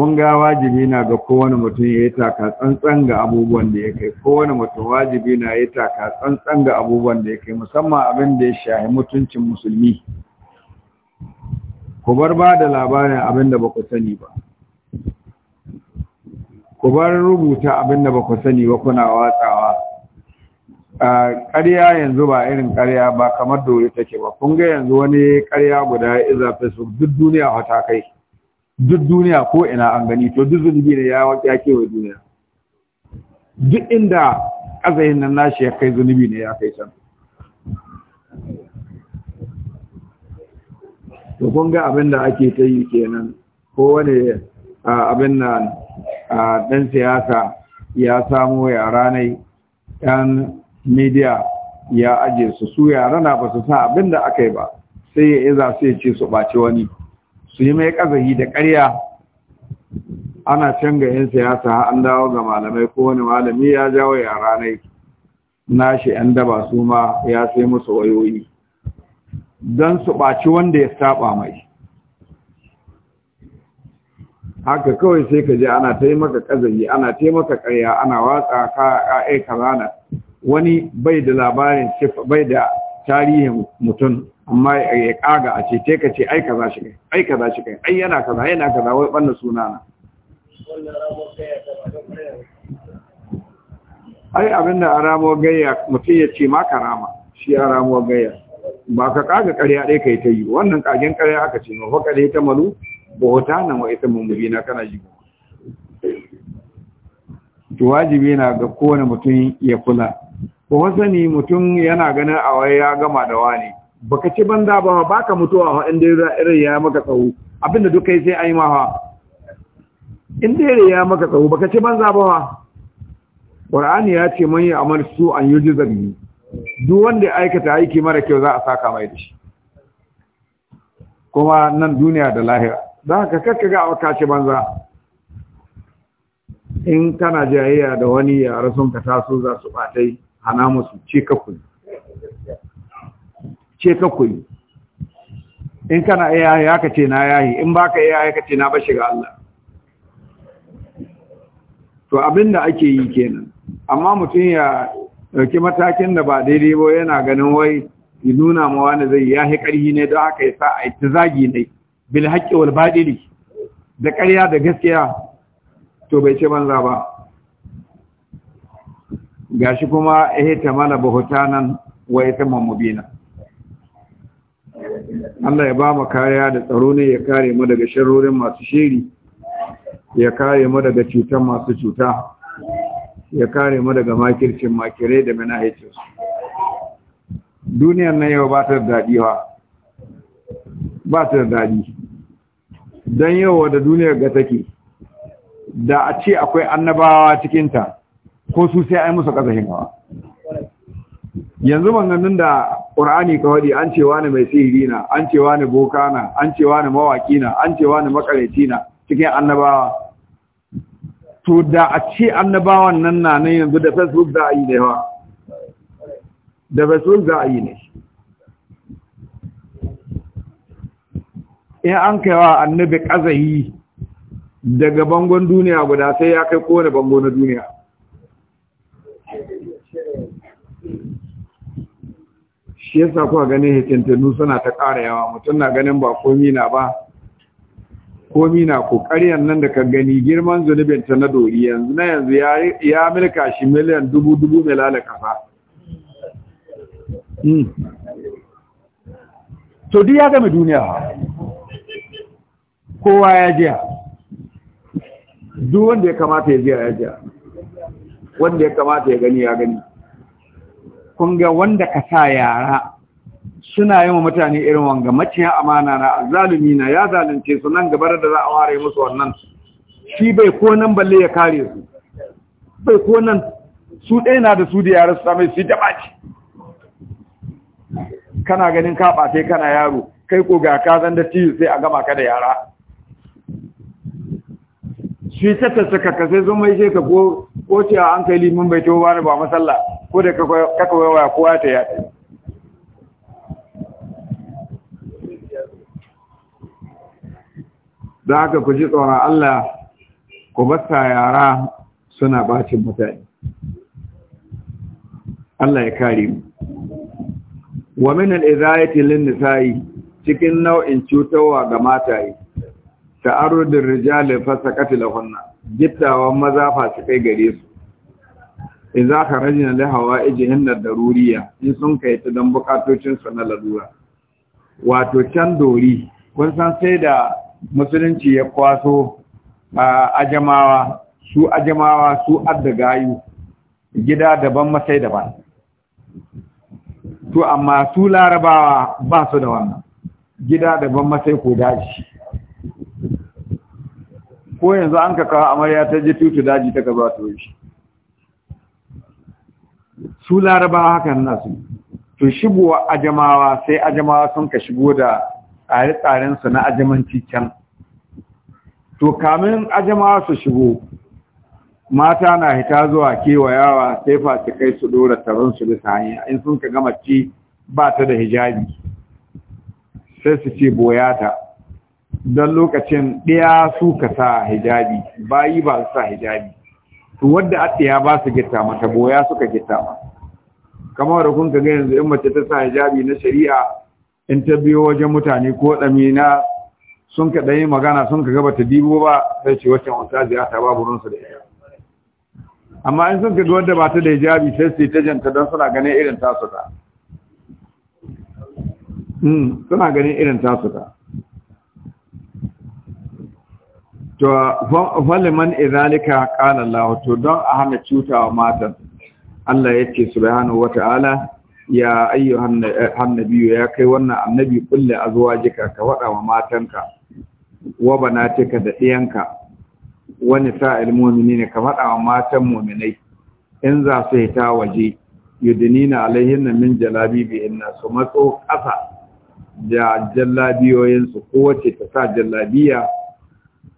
kun ga wajibi na ga kowane mutum ya yi taka tsantsan ga abubuwan da ya kai kowane mutum wajibi na ya taka tsantsan ga abubuwan da ya kai musamman abin da ya shahi mutuncin musulmi ku bar ba da labarin abin da ba ku sani ba ku bar rubuta abin da ba ku sani ba kuna watsawa ƙarya yanzu ba irin ƙarya ba kamar da wuri take ba kun ga yanzu wani ƙarya guda iza facebook duk duniya hata kai duk duniya ko ina an gani to duk zunubi ne ya ya kewa duniya duk inda azayin nan nashi ya kai zunubi ne ya kai can to kun ga abin da ake ta yi kenan ko wani abin nan dan siyasa ya samo yara ne yan media ya aje su su yara na ba su sa abin da aka yi ba sai ya iza sai ce su ɓaci wani su yi mai ƙazahi da ƙarya ana can ga 'yan siyasa an dawo ga malamai ko wani malami ya jawo ranai. Na shi 'yan daba su ma ya sai musu wayoyi don su ɓaci wanda ya saba mai haka kawai sai ka je ana taimaka kazayi ana taimaka ƙarya ana watsa ka'ai rana. wani bai da labarin bai da tarihin mutum amma ya kaga a ce te ka ce ai kaza shi kai ai kaza shi kai ai yana kaza yana kaza wai banna suna na ai abinda a ramuwar gayya mutum ya ce maka rama shi a ramuwar gayya ba ka kaga ƙarya ɗaya ka yi ta yi wannan kagen ƙarya aka ce ma faka da ta malu bauta nan wa ita mummuri na kana ji to wajibi na ga kowane mutum ya kula ko wasani mutum yana ganin a ya gama da wani baka ci banza ba ba ka mutuwa ha inda irin ya maka tsawo abinda duk kai sai ayi ma ha inda irin ya maka tsawo baka ci banza ba ha Qur'ani ya ce man ya amal su an yuji zabi duk wanda ya aikata aiki mara kyau za a saka mai da shi kuma nan duniya da lahira za ka ga a wakaci banza in kana jayayya da wani ya sun ka taso za su batai hana musu ce kafin? ce ka koyi in kana iya yayi haka ce na yayi in baka iya yayi ka ce na bashi ga Allah to abin abinda ake yi kenan amma mutum ya dauki matakin da ba daidai ba yana ganin wai ya nuna ma wani zai ya yi karhi ne don haka ya sa a yi zagi ne bil haƙƙi wal badili da ƙarya da gaskiya to bai ce banza ba gashi kuma eh, ta mana bahutanan wa ita mamubina Allah ya ba mu kariya da tsaro ne ya kare mu daga sharrorin masu shiri ya kare mu daga cutan masu cuta ya kare mu daga makircin makirai da manahicin su duniyar nan yau ba ta da daɗi ba ta daɗi don yau da duniyar ga take da a ce akwai annabawa cikinta ko su sai ai musu ƙasa hingawa yanzu ban ganin da Qur'ani ka waɗi an ce wani mai sihiri na an ce wani boka na an ce wani mawaki na an ce wani makareci na cikin annabawa to da a ce annabawan nan na nan yanzu da Facebook za a yi ne wa da Facebook za a yi ne in an kai wa annabi ƙazayi daga bangon duniya guda sai ya kai kowane bango na duniya shi yasa kuwa ganin hitintinu suna ta ƙara yawa mutum na ganin ba komi na ba komi na ko ƙaryan nan da ka gani girman zunubin ta na dori yanzu na yanzu ya milka shi miliyan dubu dubu mai lalaka fa hmm. to duk ya gami duniya kowa ya jiya duk wanda ya kamata ya jiya ya jiya wanda ya kamata ya gani ya gani kun ga wanda ka sa yara suna yi wa mutane irin wanga maciya amana na zalumi na ya zalunce su nan gabar da za a ware musu wannan shi bai ko nan balle ya kare su bai ko nan su ɗaya na da su da yara su same su da ɓaci. kana ganin ka ɓace kana yaro kai ko ga ka zan da tiyu sai a gama ka da yara shi ta tattaka ka sai zama yake ka ko ce an kai limin bai tawo ba ba masalla ko da kaka waya kowa ta da don ku ji tsoron Allah ku bata yara suna bacin mutane Allah ya kare mu wa min al-izayati lin-nisa'i cikin nau'in cutarwa ga mataye ta ta'arrudur rijali fasaqati lahunna gittawan maza fa su kai gare su idza kharajna li hawaijihin daruriya in sun kai ta dan bukatocin su na lalura wato can dori kun san sai da musulunci ya kwaso ajamawa su ajamawa su adda gayu gida daban masai daban to amma su larabawa ba su da wannan gida daban masai ko daji ko yanzu an ka kawo amarya ta je tutu daji ta ka zuwa ta shi su Laraba hakan nasu to shigowa ajamawa sai ajamawa sun ka shigo da tsare-tsarensu na ajamanci can to kamin ajamawa su shigo mata na hita zuwa kewayawa sai kai su dora taron su bisa hanya in sun ka gama ci ba ta da hijabi sai su ce boyata don lokacin ɗaya su ka sa hijabi bayi ba su sa hijabi to wadda ya ba su gita mata boya suka gita ma kamar da kun ga yanzu in mace ta sa hijabi na shari'a in ta biyo wajen mutane ko dami na sun ka dai magana sun ka gaba ta dibo ba sai ce wacce ustaziya ta babu su da ya amma in sun ka ga wadda ba ta da hijabi sai sai ta janta don suna ganin irin tasu ta hmm, suna ganin irin tasu ta to faliman izalika qala Allah to don a hana cutawa matan Allah yake subhanahu wata'ala ya ayyuhan annabi ya kai wannan annabi kulli azwajika ka wada wa matanka wa banatika da diyanka wani sa'il mu'minina ka wada wa matan mu'minai in za su hita waje yudinina alaihin min jalabibi inna su matso ƙasa da jallabiyoyinsu kowace ta sa jallabiya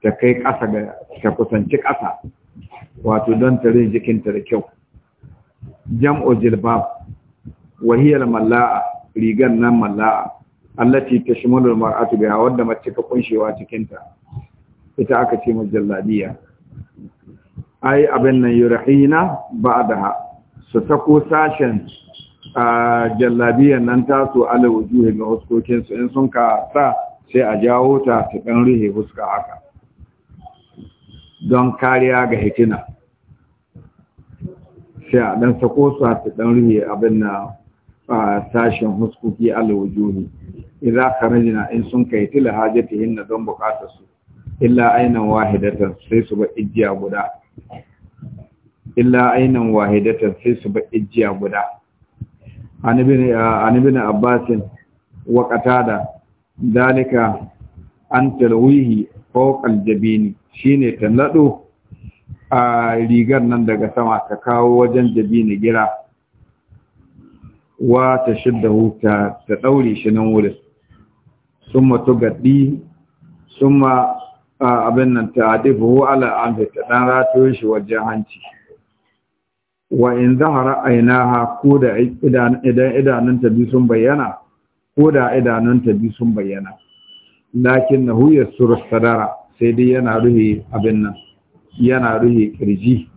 ta kai ƙasa ga ta kusanci ƙasa wato don ta rin jikinta da kyau jam'u jilbab wahiyar mala'a, rigan nan malla'a allati tashmalu mar'atu biha wadda mace ka kunshewa cikinta ita aka ce jalladiya ai abin nan yurhina ba'daha su ko sashen a nan ta su ala wujuhi ga huskokin in sun ka sa sai a jawo ta ta dan rihe huska haka don kariya ga hitina sai a ɗan sako su a ɗan rufe abin na sashen huskuki alwujuhi ka karajina in sun kai tila hajjatihin na don bukatar su illa ainihin wahidatan sai su ba ijiya guda illa ainihin wahidatan sai su ba ijiya guda anibin abbasin wa dalika an talwihi fokal jabini shine ta nado a rigar nan daga sama ta kawo wajen jabini gira wa ta da ta ta daure shi nan wurin sun summa sun ma abin nan ta adifu ala anfi ta dan rato shi wajen hanci wa in zahara ha ko da idan idanunta bi sun bayyana ko da idanunta bi sun bayyana lakin na huyar sadara sai dai yana ruhe abin nan yana ruhe kirji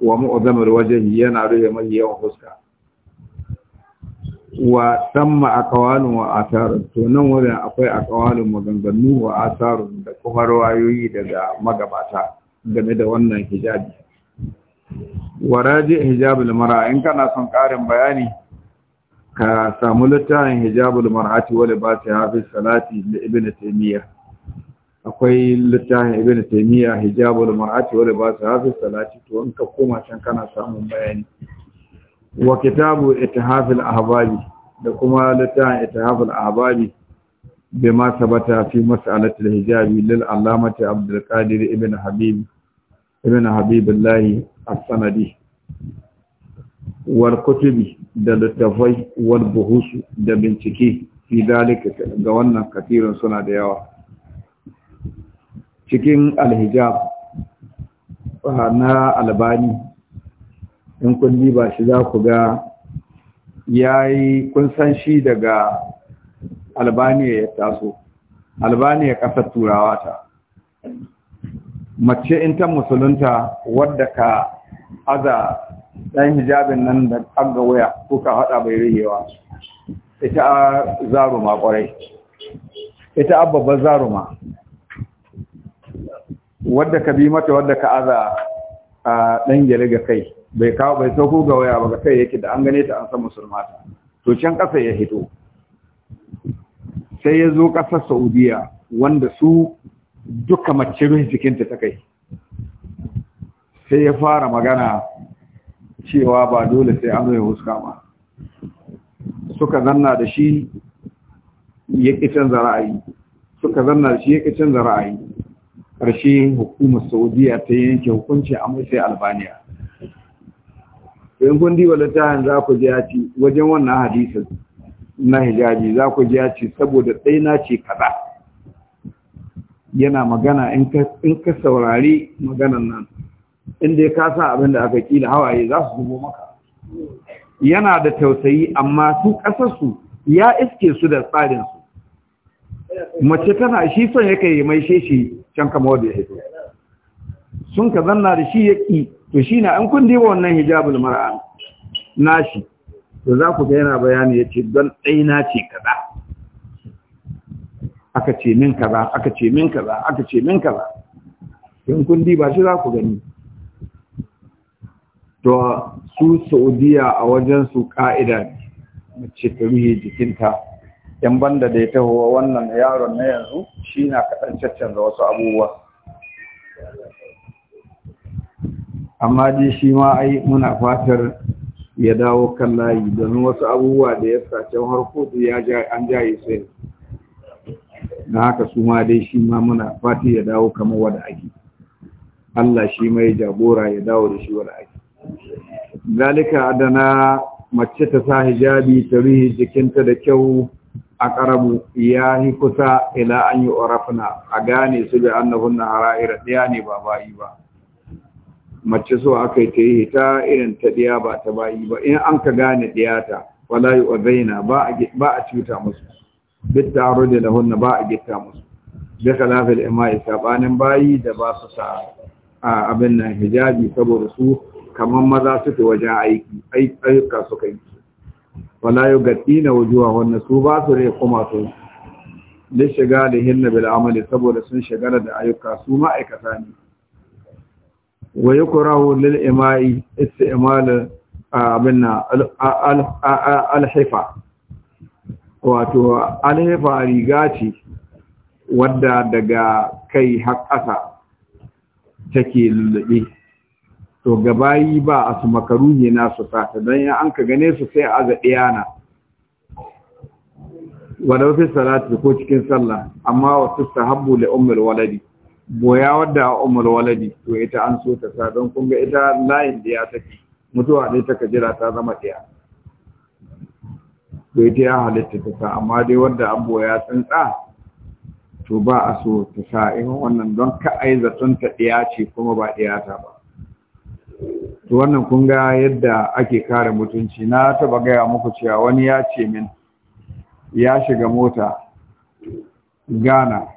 wa mu'azamar wajen yana ruhe mai yawan fuska wa tamma akawalin wa asarun to nan wurin akwai akawalin maganganu wa asarun da kuma rawayoyi daga magabata game da wannan hijabi wa raji hijabul mara in kana son karin bayani ka samu littafin hijabul mar'ati wa libasiha fi salati da ibnu taymiya akwai littafin ibnu taymiya hijabul mar'ati wa libasiha fi salati to in ka koma can kana samun bayani wa kitabu ittihafil ahbabi da kuma littafin ittihafil ahbabi bima sabata fi al hijabi lil allamati abdul qadir ibn habib ibn habibillah as-sanadi wal kutubi da littafai wal buhusu da bincike fi dalika ga wannan kafirin suna da yawa cikin alhijab ah, na albani in kun ba shi za ku ga yayi kun san shi daga albaniya ya taso albaniya kasar turawa ta mace in ta musulunta wadda ka aza ɗan hijabin nan da aga waya kuka haɗa bai rigewa ita zaruma ƙwarai ita a zaruma wadda ka bi mata wadda ka aza a ɗan gyale ga kai bai kawo bai ga waya ba ga kai yake da an gane ta an san musulmata to can ƙasa ya hito sai ya zo ƙasar saudiya wanda su duka mace ruhin jikinta ta kai sai ya fara magana cewa ba dole sai an zai huska ba suka zanna da shi ya ƙi canza ra'ayi suka zanna da shi ya ƙi canza ra'ayi ƙarshe hukumar saudiya ta yanke hukunci a mace Albaniya. albaniya in kun diba littafin za ku ji ya ci wajen wannan hadisi na hijabi za ku ji ya ci saboda ɗaina ce kaza yana magana in ka saurari maganan nan inda ya kasa abin da aka kila hawaye za su zubo maka yana da tausayi amma su ƙasarsu ya iske su da tsarin su. mace tana shi son yake yi mai sheshi can kama wadda ya hito sun ka zanna da shi ya ƙi to shi na an kundi wa wannan hijabul mar'a nashi to za ku ga yana bayani ya ce don ɗaina ce kaza aka ce min kaza aka ce min kaza aka ce min kaza in kundi ba shi za ku gani to su saudiya a wajen su ka'ida ne mace ta ruhe jikinta yan banda da ya tahowa wannan yaron na yanzu shi na kaɗan caccan da wasu abubuwa amma ji shi ma ai muna fatar ya dawo kan layi domin wasu abubuwa da ya sace har kotu ya an jaye sai na haka su ma dai shi ma muna fatar ya dawo kamar wada ake Allah shi mai jagora ya dawo da shi wada ake zalika adana mace ta sa hijabi ta rihi jikinta da kyau a ƙarabu ya yi kusa ila an yi orafina a gane su da an na ra'ira ɗaya ne ba bayi ba mace so aka yi ta yi hita irin ta ɗaya ba ta bayi ba in an ka gane ɗaya ta wala yi wa zaina ba a cuta musu duk rudi da hunna ba a gitta musu da ima'i saɓanin bayi da ba su sa abin nan hijabi saboda su kamar maza suke wajen aiki ayyuka suka yi wala yau gaɗi na wujuwa wannan su ba su rai kuma su da shiga da hinna bil amali saboda sun shiga da ayyuka su ma'aikata ne wa lil ima'i istimal abin na alhaifa, wato alhifa riga ce wadda daga kai har ƙasa take lulluɓe to gabayi ba a su makaru ne na su sata don ya an ka gane su sai a ga ɗiyana wadda fi salatu ko cikin sallah amma wasu sahabbu da umar waladi boya wadda umar waladi to ita an so ta sa don kun ga ita layin da ya take mutuwa dai ta kajira ta zama ɗiya. to ita ya halitta ta sa amma dai wadda an boya tsantsa to ba a so ta sa in wannan don ka aizaton ta ɗaya ce kuma ba ɗaya ta ba to wannan kun ga yadda ake kare mutunci na taba gaya muku cewa wani ya ce min ya shiga mota Gana,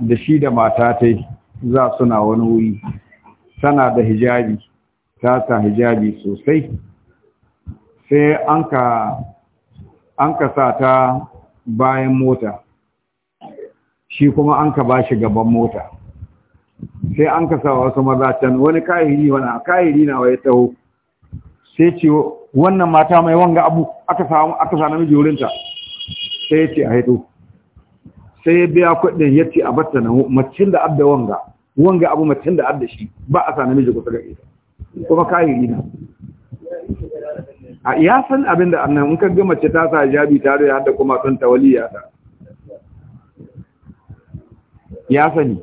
da shi da mata tai za suna wani wuri tana da hijabi ta sa hijabi sosai sai an ka sa ta bayan mota shi kuma an ka ba shi gaban mota sai an kasa wasu maza can wani kahiri wani kahiri na wai taho sai ce wannan mata mai wanga abu aka samu aka sa namiji wurinta sai ya ce a haito sai ya biya kudin ya ce a batta na macin da abda wanga wanga abu macin da abda shi ba a sa namiji kusa ga ita kuma kahiri na a ya san abin da annan in ka ga mace ta sa jabi ta da hadda kuma ta waliya ta ya sani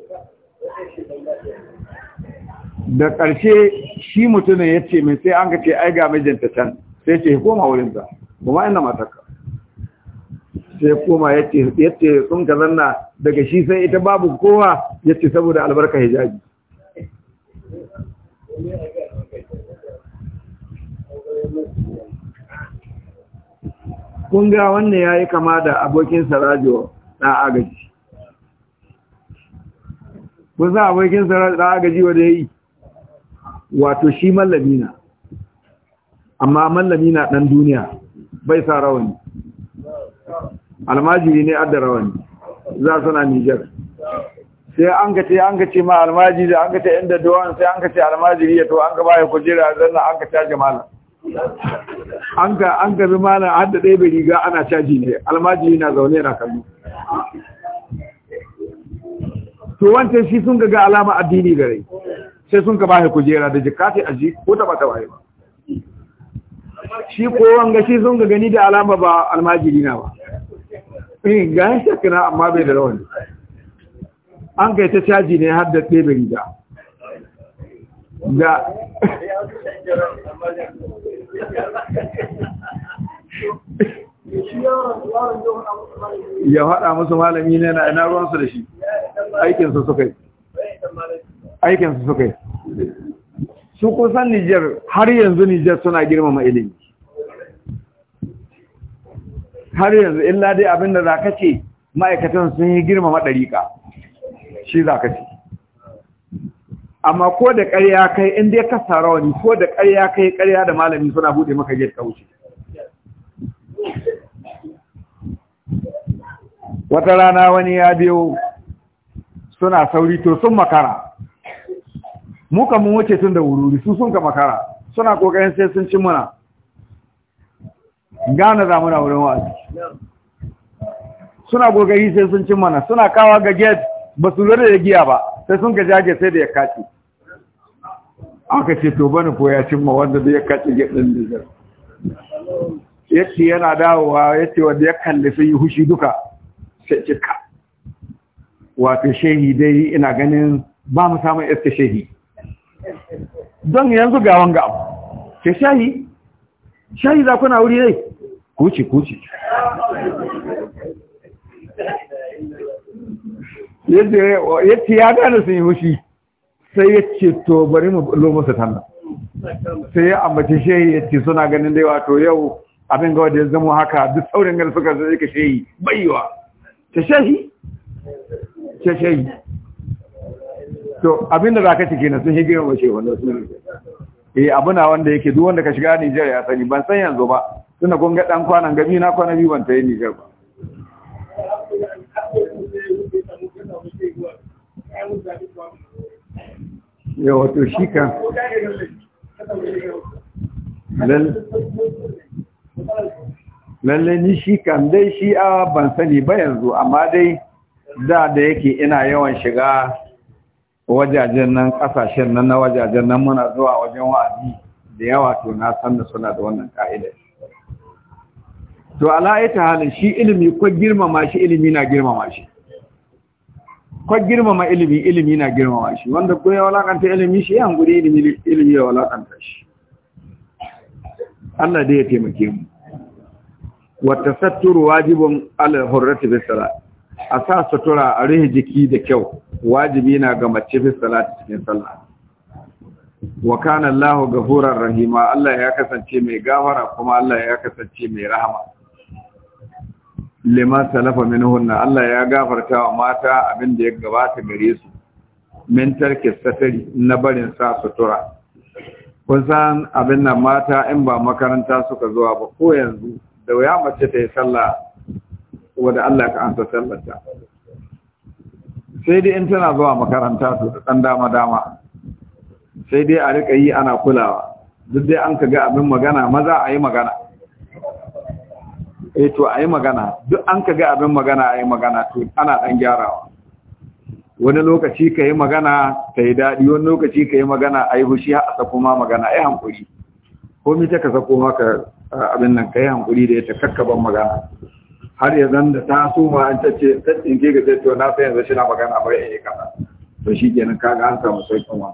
da ƙarshe shi mutumin ya ce mai sai an ka ce ai ga mijinta can sai ce koma ba kuma ina matarka sai koma ya ce sun ka zanna daga shi sai ita babu kowa ya ce saboda albarka hijabi kun ga wannan ya yi kama da abokin sarajo na agaji kun sa abokin sarajo na agaji wanda ya yi wato shi mallami na amma mallami na dan duniya bai sa rawani almajiri ne adda rawani za su na nijar sai an gace an gace ma almajiri an gace inda duwan sai an gace almajiri ya to an ga baya kujera zanna an ga caje malam an ga an ga mala malam hadda ɗaya bai riga ana caji ne almajiri na zaune na kallo to wancan shi sun ga alama addini gare sai sun ka shi kujera da jikati aji ko ta bata waye ba shi ko wanga shi sun ga gani da alama ba almajiri na ba eh ga kana amma bai da rawani an kai ta caji ne har da tsebe riga da [laughs] ya haɗa musu malami ne na ina ruwansu da shi aikinsu suka yi aikinsu suka yi su kusan Nijar har yanzu Nijar suna girmama ilimi har yanzu illa dai abinda za ka ce ma'aikatan sun yi girmama ɗariƙa shi za ka ce amma ko da ƙarya kai inda ya kasa rawani ko da ƙarya kai ƙarya da malami suna buɗe maka yadda ka wuce wata rana wani ya biyo suna sauri to sun makara mu kan mun wuce tun da wururi su sun ka makara suna kokarin sai sun ci muna gane za muna wurin wa'azi suna gogari sai sun ci mana suna kawa ga gate ba su lura da giya ba sai sun ga jage sai da ya kaci aka ce to bani ko ya cimma wanda da ya kaci gate din ya ce yana dawowa ce wanda ya kalli sai hushi duka sai cika wato shehi dai ina ganin ba mu samun iska shehi don yanzu ga wanga abu ke shayi shayi za kuna wuri ne kuci kuci yace ya gane sun yi hushi sai ya ce to bari mu lo masa talla sai ya ambace shehi ya ce suna ganin dai wato yau abin gawa da ya zama haka duk saurin gani zai ka shehi bayiwa ta shehi ta shehi to abinda za ka cike na sun yi girma mace wanda sun eh abu na wanda yake duk wanda ka shiga Nijar ya sani ban san yanzu ba tunda kun ga dan kwanan gami na kwana biyu ban ta yi Nijar ba ya wato shi kan lalle ni shi kan dai shi a ban sani ba yanzu amma dai da da yake ina yawan shiga wajajen nan kasashen nan na wajajen nan muna zuwa wajen wa'azi da yawa to na san da suna da wannan ka'idar to ala ta halin shi ilimi ko girmama shi ilimi na girmama shi ko girmama ilimi ilimi na girmama shi wanda ko ya walakanta ilimi shi yan guri ilimi ilimi ya walakanta shi Allah dai ya taimake mu wa tasattur wajibun ala hurrati bis a sa sutura a rufe jiki da kyau wajibi na ga mace fi salati cikin sallah wa kana Allahu rahima Allah ya kasance mai gafara kuma Allah ya kasance mai rahama liman salafa minhunna Allah ya gafarta wa mata abin da ya gabata gare su min tarki satari na barin sa sutura kun san abin nan mata in ba makaranta suka zuwa ba ko yanzu da waya mace ta yi sallah wadda Allah ka ansa sallarta sai dai in tana zuwa makaranta su da ɗan dama-dama sai dai a riƙa yi ana kulawa duk dai an ka ga abin magana maza a yi magana e to a yi magana duk an ka ga abin magana a yi magana to ana ɗan gyarawa wani lokaci ka yi magana ta yi daɗi wani lokaci ka yi magana a yi hushi a sako ma magana a yi hankuri komi ta ka sako maka abin nan ka yi hankuri da ya ta kakkaban magana har ya zan da ta suma an ta ce ta tsinke ga sai to na sai yanzu shi na magana ba ya yi kaza to shi kenan ka ga an samu sauƙin wa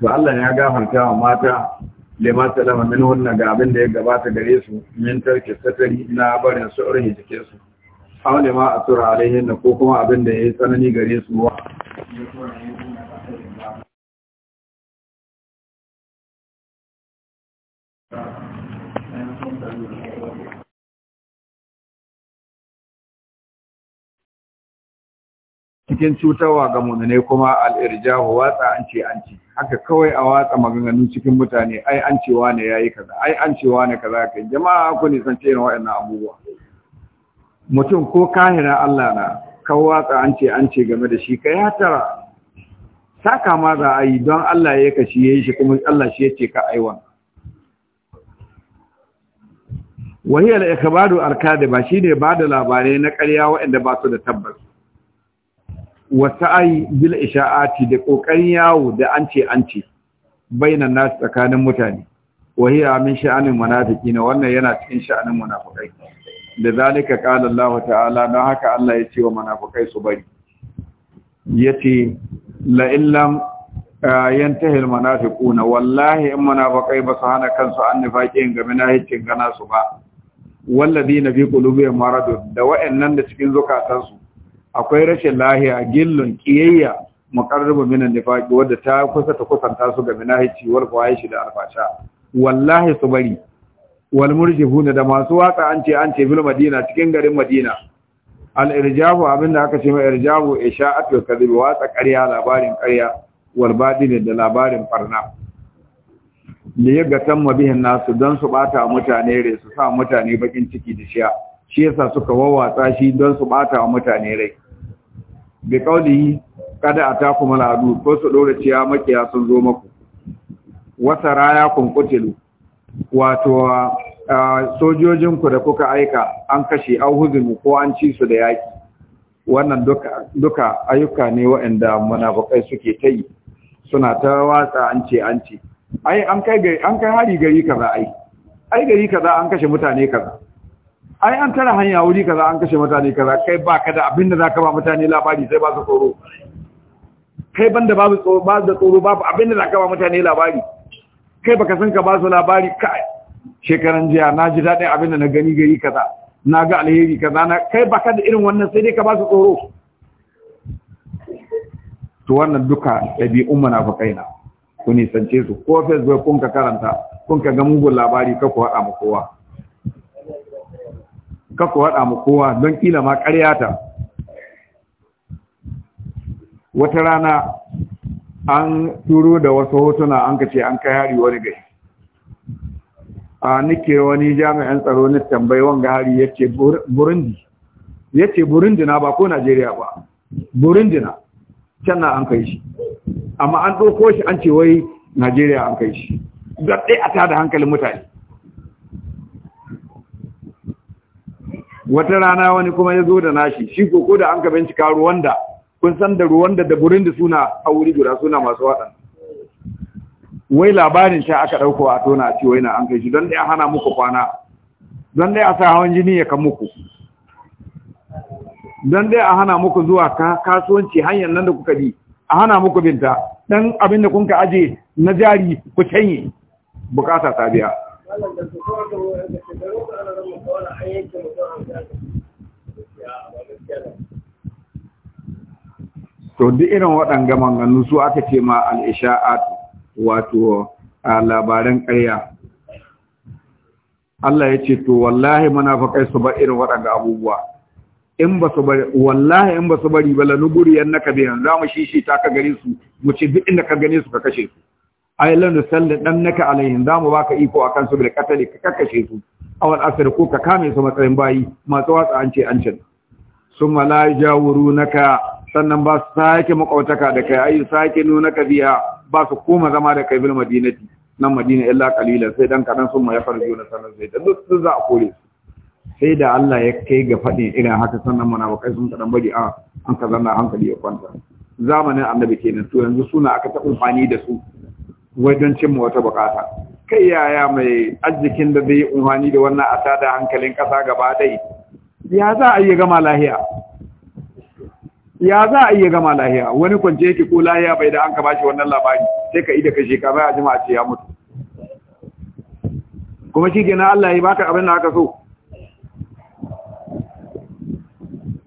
to Allah ya gafarta wa mata ta lama min wannan ga abin da ya gabata gare su min tarki satari na barin su urhi jikin su aw ma asura alaihin na ko kuma abin da ya yi tsanani gare su wa cikin cutarwa ga muminai kuma al'irjahu watsa an ce an ce haka kawai a watsa maganganun cikin mutane ai an ce wane yi kaza ai an ce wane kaza kai jama'a ku ne san ce irin waɗannan abubuwa mutum ko kahira Allah na kan watsa an ce an ce game da shi ka ya tara saka ma za a yi don Allah ya kashi ya yi shi kuma Allah shi ya ce ka aiwan wahiyar ikhbaru arkadi ba shine ba da labarai na ƙarya waɗanda ba su da tabbas wasa'ai bil isha'ati da kokarin yawo da an ce an ce bainan nasu tsakanin mutane wahiya min sha'anin munafiki ne wannan yana cikin sha'anin munafikai da zalika qala Allah ta'ala don haka Allah ya ce wa munafikai su bari yace la illam yantahi na, wallahi in munafikai ba su hana kansu an nifaqin game na hicin gana su ba walladina fi qulubihim maradun da wa'annan da cikin zukatansu akwai rashin lahiya gillun kiyayya muqarrabu minan nifaqi wadda ta kusa ta kusanta su ga minahici wal fawahishi da alfasha wallahi su bari wal murjihuna da masu waka an ce an ce bil madina cikin garin madina al irjahu abinda aka ce mai irjahu isha'atu kadhib watsa ƙarya labarin ƙarya wal badil da labarin farna da ya ma bihin nasu dan su bata mutane rai su sa mutane bakin ciki da shiya shi yasa suka wawa shi don su bata wa mutane rai bi qawlihi kada atakum al'adu ko su dora ciya makiya sun zo maku wata raya kun kutilu wato sojojinku da kuka aika an kashe an huzunu ko an ci su da yaki wannan duka ayyuka ne waɗanda munafikai suke ta yi suna ta watsa an ce an ce ai an kai hari gari kaza ai ai gari kaza an kashe mutane kaza ai an tara hanya wuri kaza an kashe mutane kaza kai ba ka da abin za zaka ba mutane labari sai ba su tsoro kai banda babu tsoro ba da tsoro babu abin za zaka ba mutane labari kai baka san ka ba su labari kai shekaran jiya na ji daɗin da na gani gari kaza na ga alheri kaza na kai baka da irin wannan sai dai ka ba su tsoro to wannan duka ɗabi'un munafukai na ku nisance su ko facebook kun ka karanta kun ka ga mugun labari ka ku haɗa ma kowa kakku haɗa mu kowa don kila ma ƙaryata wata rana an turo da wasu hotuna an ka ce an kai hari wani gai a nike wani jami'an tsaro na tambayi wanga hari ya ce burundi ya ce burundi na ba ko najeriya ba burundi na can na an kai shi amma an ɗauko shi an ce wai najeriya an kai shi zaɗe a da hankalin mutane wata rana wani kuma ya zo da nashi shi ko ko da an ka bincika ruwanda kun san da ruwanda da da suna a wuri guda suna masu waɗanda wai labarin sha aka ɗauko a tona a ciwo na an kai shi don ɗaya hana muku kwana don ɗaya a sa hawan jini ya kan muku don ɗaya a hana muku zuwa kasuwanci hanyar nan da kuka bi a hana muku binta ɗan abin da kunka aje na jari ku canye bukata ta biya to di irin waɗanga maganganu su aka ce ma al'isha'at wato a labaran ƙarya Allah ya ce to wallahi kai su bar irin waɗanga abubuwa in ba su bari wallahi in ba su bari bala nuguri yan naka biyan za mu shishi ta ka gare su mu ce duk inda ka gane su ka kashe su ai lan salli dan naka alaihin za mu baka iko akan su bil qatali ka kashe su awal asir ko ka kame su matsayin bayi masu watsa an ce an cin sun wuru na ka sannan ba su sake makwautaka da kai ayi sake nuna ka biya ba su koma zama da kai bil madinati nan madina illa qalilan sai dan kadan sun ma ya farjo na sanar sai da duk za a kore sai da Allah ya kai ga faɗin irin haka sannan muna bakai sun kadan bari a an kazanna hankali ya kwanta zamanin annabi kenan to yanzu suna aka ta amfani da su wajen cimma wata bukata kai yaya mai arzikin da zai umarni da wannan asa da hankalin ƙasa gaba dai ya za a iya gama lahiya ya za a iya gama lahiya wani kwance yake ko lahiya bai da an ka bashi wannan labari sai ka ida kashe ka bai a jima a ce ya mutu kuma shi gina Allah ya baka abin da aka so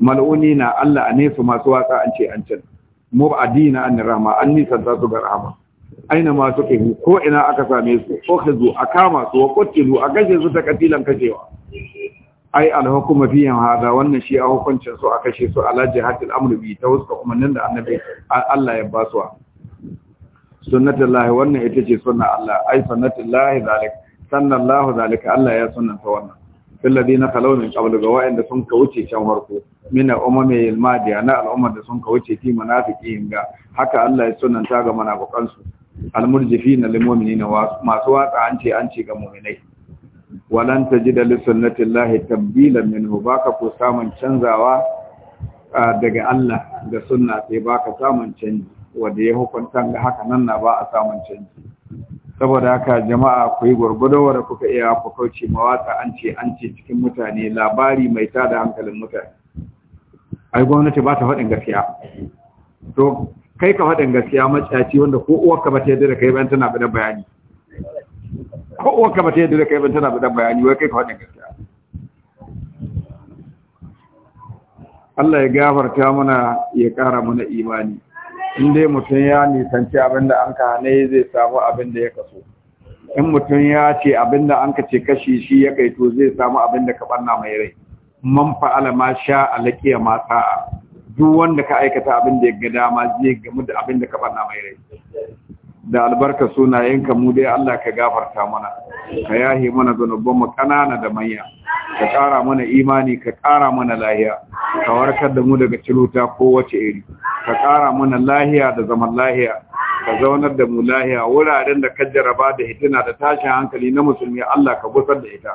mal'uni na Allah a nesu masu watsa an ce an can mu ba adina an rahama an nisan za su ga rahama aina ma suka yi ko ina aka same su ko khizu a kama su wa qutilu a kashe su ta katilan kashewa ai alhukuma fi hada wannan shi a hukuncin su a kashe su ala jihatil amru bi ta wasu umarnin da annabi Allah ya ba su sunnatullahi wannan ita ce sunna Allah ai sunnatullahi zalik sallallahu zalika Allah ya sunnanta wannan fil ladina khalaw min qablu ga wa'inda sun ka wuce can harko min umami al madiya na al'ummar da sun ka wuce fi munafiqin ga haka Allah ya sunnanta ga munafiqan su almurjifi na limomi na masu watsa an ce an ce ga muminai walan ta ji da lissunatin lahi tabbilan minhu ba ka ko samun canzawa daga Allah da sunna sai ba ka samun canji wanda ya hukunta ga haka nan na ba a samun canji saboda haka jama'a ku yi gwargwadowar kuka iya ku kauce mawatsa an ce an ce cikin mutane labari mai tada hankalin mutane ai gwamnati ba ta faɗin gaskiya to kai ka faɗin gaskiya maciyaci wanda ko uwarka ba ta yadda da kai ban tana bidan bayani ko uwarka ba ta yadda da kai ban tana bidan bayani wai kai ka faɗin gaskiya Allah ya gafarta mana ya ƙara mana imani in dai mutum ya nisanci abin da an ka hane zai samu abin da ya kaso in mutum ya ce abin da an ka ce kashi shi ya kaito zai samu abin da ka ɓanna mai rai man fa'ala ma sha alaƙiya ma sa'a duk wanda ka aikata abin da ya ga dama zai gamu da abin da ka bana mai rai da albarka sunayenka mu dai Allah ka gafarta mana ka yahi mana zanubban mu kanana da manya ka kara mana imani ka kara mana lahiya ka warkar da mu daga ciruta ko wace iri ka kara mana lahiya da zaman lahiya ka zaunar da mu lahiya wuraren da ka jaraba da hitina da tashin hankali na musulmi Allah ka gusar da ita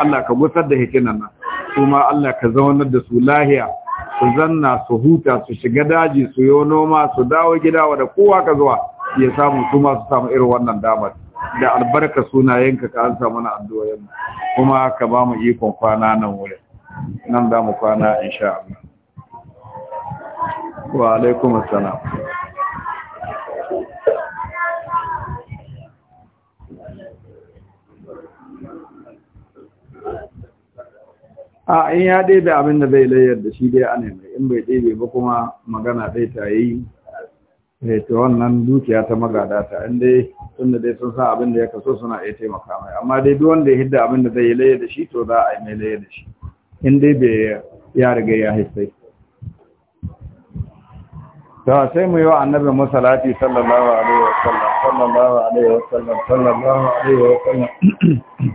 Allah ka gusar da hitinan nan kuma Allah ka zaunar da su lahiya su zanna su huta su shiga daji su yi noma su dawo gida da kowa ka zuwa ya samu su masu su samu irin wannan damar da albarka yanka ka an samu na addu'o'in kuma ka ba mu ikon kwana nan wurin nan da mu kwana insha Allah wa alaikum assalam a in ya ɗebe abin da zai layar da shi dai ana mai in bai ɗebe ba kuma magana zai ta yi eh, ta wannan dukiya ta magada ta in dai tun da dai sun sa abin da ya kaso suna iya taimaka mai amma dai duk wanda ya hidda abin da zai layar da shi to za a yi mai layar da shi in dai bai ya riga ya haifai ta sai mu yi wa annabi masalati sallallahu alaihi wasallam sallallahu alaihi wasallam sallallahu alaihi wasallam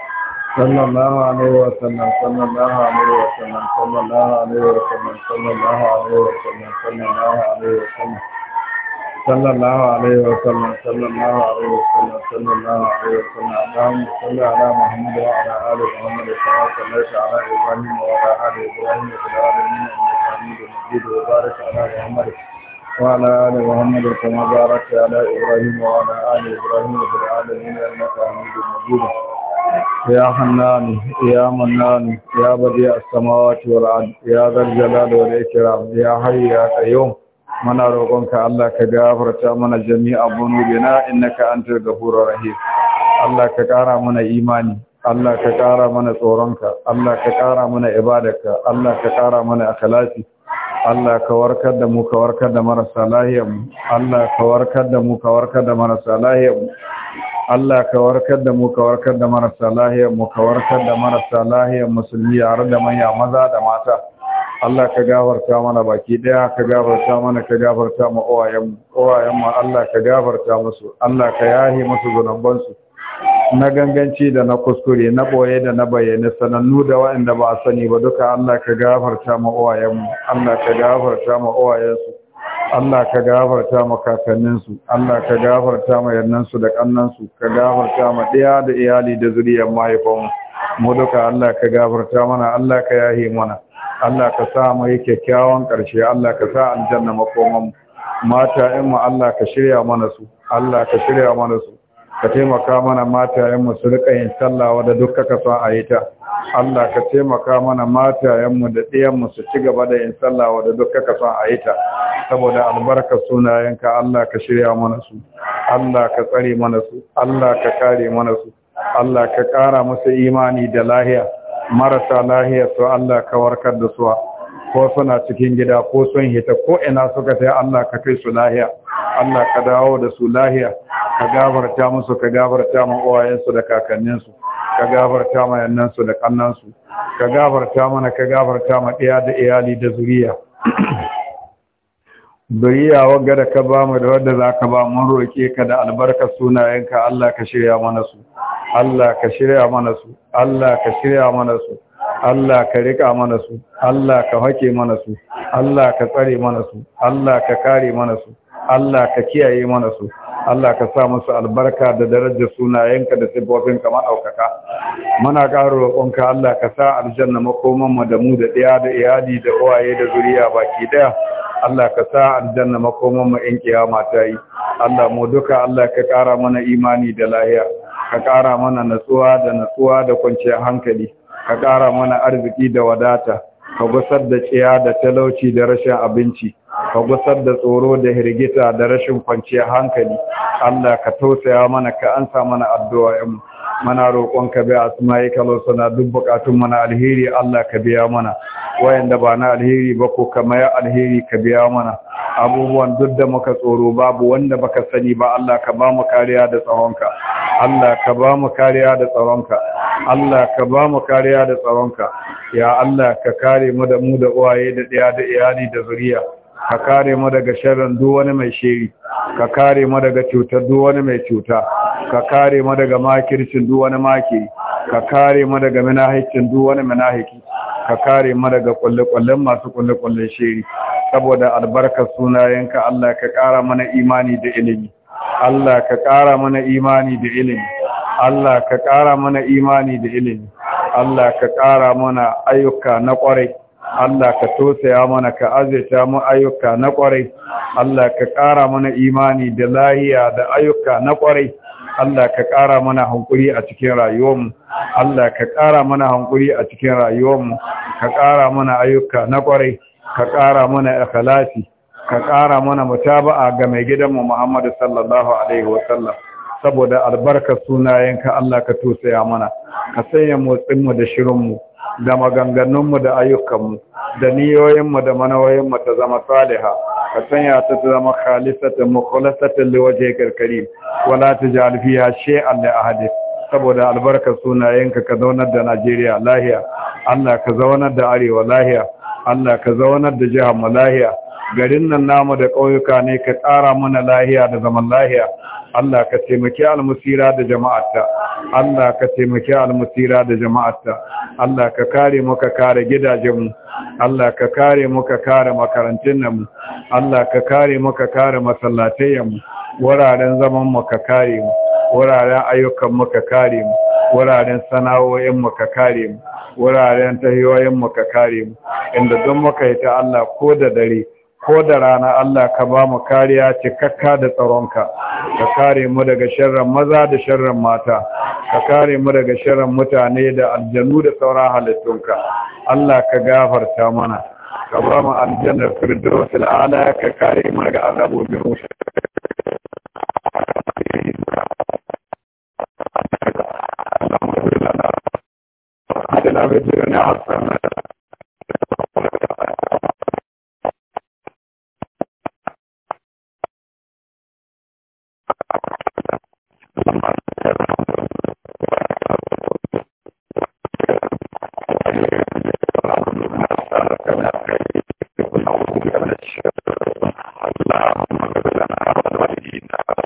sallallahu alaihi wa sallam sallallahu alaihi wa sallam sallallahu alaihi wa sallam sallallahu alaihi wa sallam sallallahu alaihi wa sallam sallallahu alaihi wa sallam sallallahu alaihi wa sallam sallallahu alaihi wa sallam sallallahu alaihi wa sallam sallallahu alaihi wa sallam sallallahu alaihi wa sallam sallallahu alaihi wa sallam sallallahu alaihi wa sallam sallallahu alaihi wa sallam sallallahu alaihi وعلى آل محمد كما باركت على إبراهيم وعلى آل إبراهيم في العالمين إنك حميد مجيد ya حنان يا منان يا بديع السماوات والارض يا ذا الجلال والاكرام يا حي يا قيوم muna roƙonka Allah ka gafarta mana jami'a bunubina innaka antal ghafurur rahim Allah ka ƙara mana imani Allah ka ƙara mana tsoronka Allah ka ƙara mana ibadarka Allah ka ƙara mana akhlasi Allah ka warkar da mu ka warkar da marasa Allah ka warkar da mu ka warkar da marasa lahiyar mu Allah ka warkar da mu ka warkar da marasa lahiyar mu ka warkar da marasa lahiyar musulmi yare da manya maza da mata Allah ka gafarta mana baki daya ka gafarta mana ka gafarta mu uwayen mu Allah ka gafarta musu Allah ka yahi musu zunubansu na ganganci da na kuskure na boye da na bayyane sanannu da waɗanda ba a sani ba duka Allah ka gafarta ma uwayenmu Allah ka gafarta ma uwayensu Allah ka gafarta ma kakanninsu Allah ka gafarta ma yannansu da kannansu ka gafarta ma ɗaya da iyali da zuriyar mahaifanmu mu duka Allah ka gafarta mana Allah ka yahi mana Allah ka sa mu kyakkyawan ƙarshe Allah ka sa aljanna makoman mata mu Allah ka shirya mana su Allah ka shirya mana su ka taimaka mana mata mu su rika yin sallah da duk kaka sa a yi ta Allah ka taimaka mana matayenmu da ɗiyanmu su ci gaba da yin sallah wadda duk kaka son a yi ta saboda albarka sunayenka Allah ka shirya mana su Allah ka tsare mana su Allah ka kare mana su Allah ka ƙara musu imani da lahiya marasa lahiya su Allah ka warkar da suwa ko suna cikin gida ko sun hita ko ina suka sai Allah ka kai su lahiya Allah ka dawo da su lahiya ka gabarta musu ka gabarta mu uwayensu da kakanninsu ka gafarta ma yannansu da kannansu ka gafarta mana ka gafarta ma ɗaya da iyali da zuriya zuriya wagga da ka ba mu da wadda za ka ba mun roƙe ka da albarkar sunayenka Allah ka shirya mana su Allah ka shirya mana su Allah ka shirya mana su Allah ka rika mana su Allah ka hake mana su Allah ka tsare mana su Allah ka kare mana su Allah ka kiyaye mana su Allah ka sa musu albarka da darajar sunayenka da siffofin kamar ɗaukaka muna ƙara roƙonka Allah ka sa aljanna makoman mu da mu da ɗaya da iyali da uwaye da zuriya baki ɗaya Allah ka sa aljanna makoman mu in kiyama ta yi Allah mu duka Allah ka ƙara mana imani da lahiya ka ƙara mana natsuwa da natsuwa da kwanciyar hankali ka ƙara mana arziki da wadata ka gusar da tsiya da talauci da rashin abinci ka gusar da tsoro da hirgita da rashin kwanciyar hankali Allah ka tausaya mana ka ansa mana addu'a mu muna roƙonka bi asma'ika lusna duk bukatun na alheri Allah ka biya mana wayanda ba na alheri ba ko kamar alheri ka biya mana abubuwan duk da muka tsoro babu wanda baka sani ba Allah ka ba mu kariya da tsaronka Allah ka ba mu kariya da tsaronka Allah ka ba mu kariya da tsaronka ya Allah ka kare mu da mu da uwaye da ɗaya da iyali da zuriya ka kare mu daga sharrin duk wani mai shiri ka kare mu daga cutar duk wani mai cuta ka kare mu daga makircin duk wani maki ka kare mu daga minahicin duk wani minahiki ka kare mu daga kulle-kullen masu kulle-kullen shiri saboda albarkar sunayenka Allah ka kara mana imani da ilimi Allah ka kara mana imani da ilimi Allah ka kara mana imani da ilimi Allah ka kara mana ayyuka na ƙwarai. Allah ka tosaya mana ka azirta mu ayyuka na kwarai Allah ka ƙara mana imani da lahiya da ayyuka na kwarai Allah ka ƙara mana hankuri a cikin rayuwarmu Allah ka ƙara mana hankuri a cikin rayuwarmu ka ƙara mana ayyuka na kwarai ka ƙara mana ikhlasi ka ƙara mana mutaba'a ga mai gidanmu Muhammad sallallahu alaihi wa Sallam. saboda albarkar sunayenka Allah ka tosaya mana ka sanya motsinmu da shirinmu da maganganunmu da ayyukanmu da niyoyinmu da manawoyinmu ta zama saliha ka sanya ta zama khalisatan mukhlasatan liwaje karkari wala tajal fiha shay'an li ahadi saboda albarkar sunayenka ka zaunar da Najeriya lahiya, Allah ka zaunar da Arewa lahiya, Allah ka zaunar da jihar mu lahiya, garin nan namu da ƙauyuka ne ka ƙara mana lahiya da zaman lahiya Allah ka taimaki almusira da jama'arta Allah ka taimaki almusira da jama'arta Allah ka kare mu ka kare gidajenmu Allah ka kare mu ka kare makarantun Allah ka kare mu ka kare masallatayen wuraren zaman mu ka kare mu wuraren ayyukan mu ka kare mu wuraren sana'o'in mu ka kare mu wuraren tahiyoyin mu ka kare mu inda don muka yi ta Allah ko da dare ko da rana Allah ka ba mu kariya cikakka da tsaronka ka kare mu daga sharran maza da sharran mata ka kare mu daga sharran mutane da aljanu da sauran halittunka Allah ka gafarta mana ka ba mu aljannar firdaus al'ala ka kare mu daga azabobin Allahumma Allahumma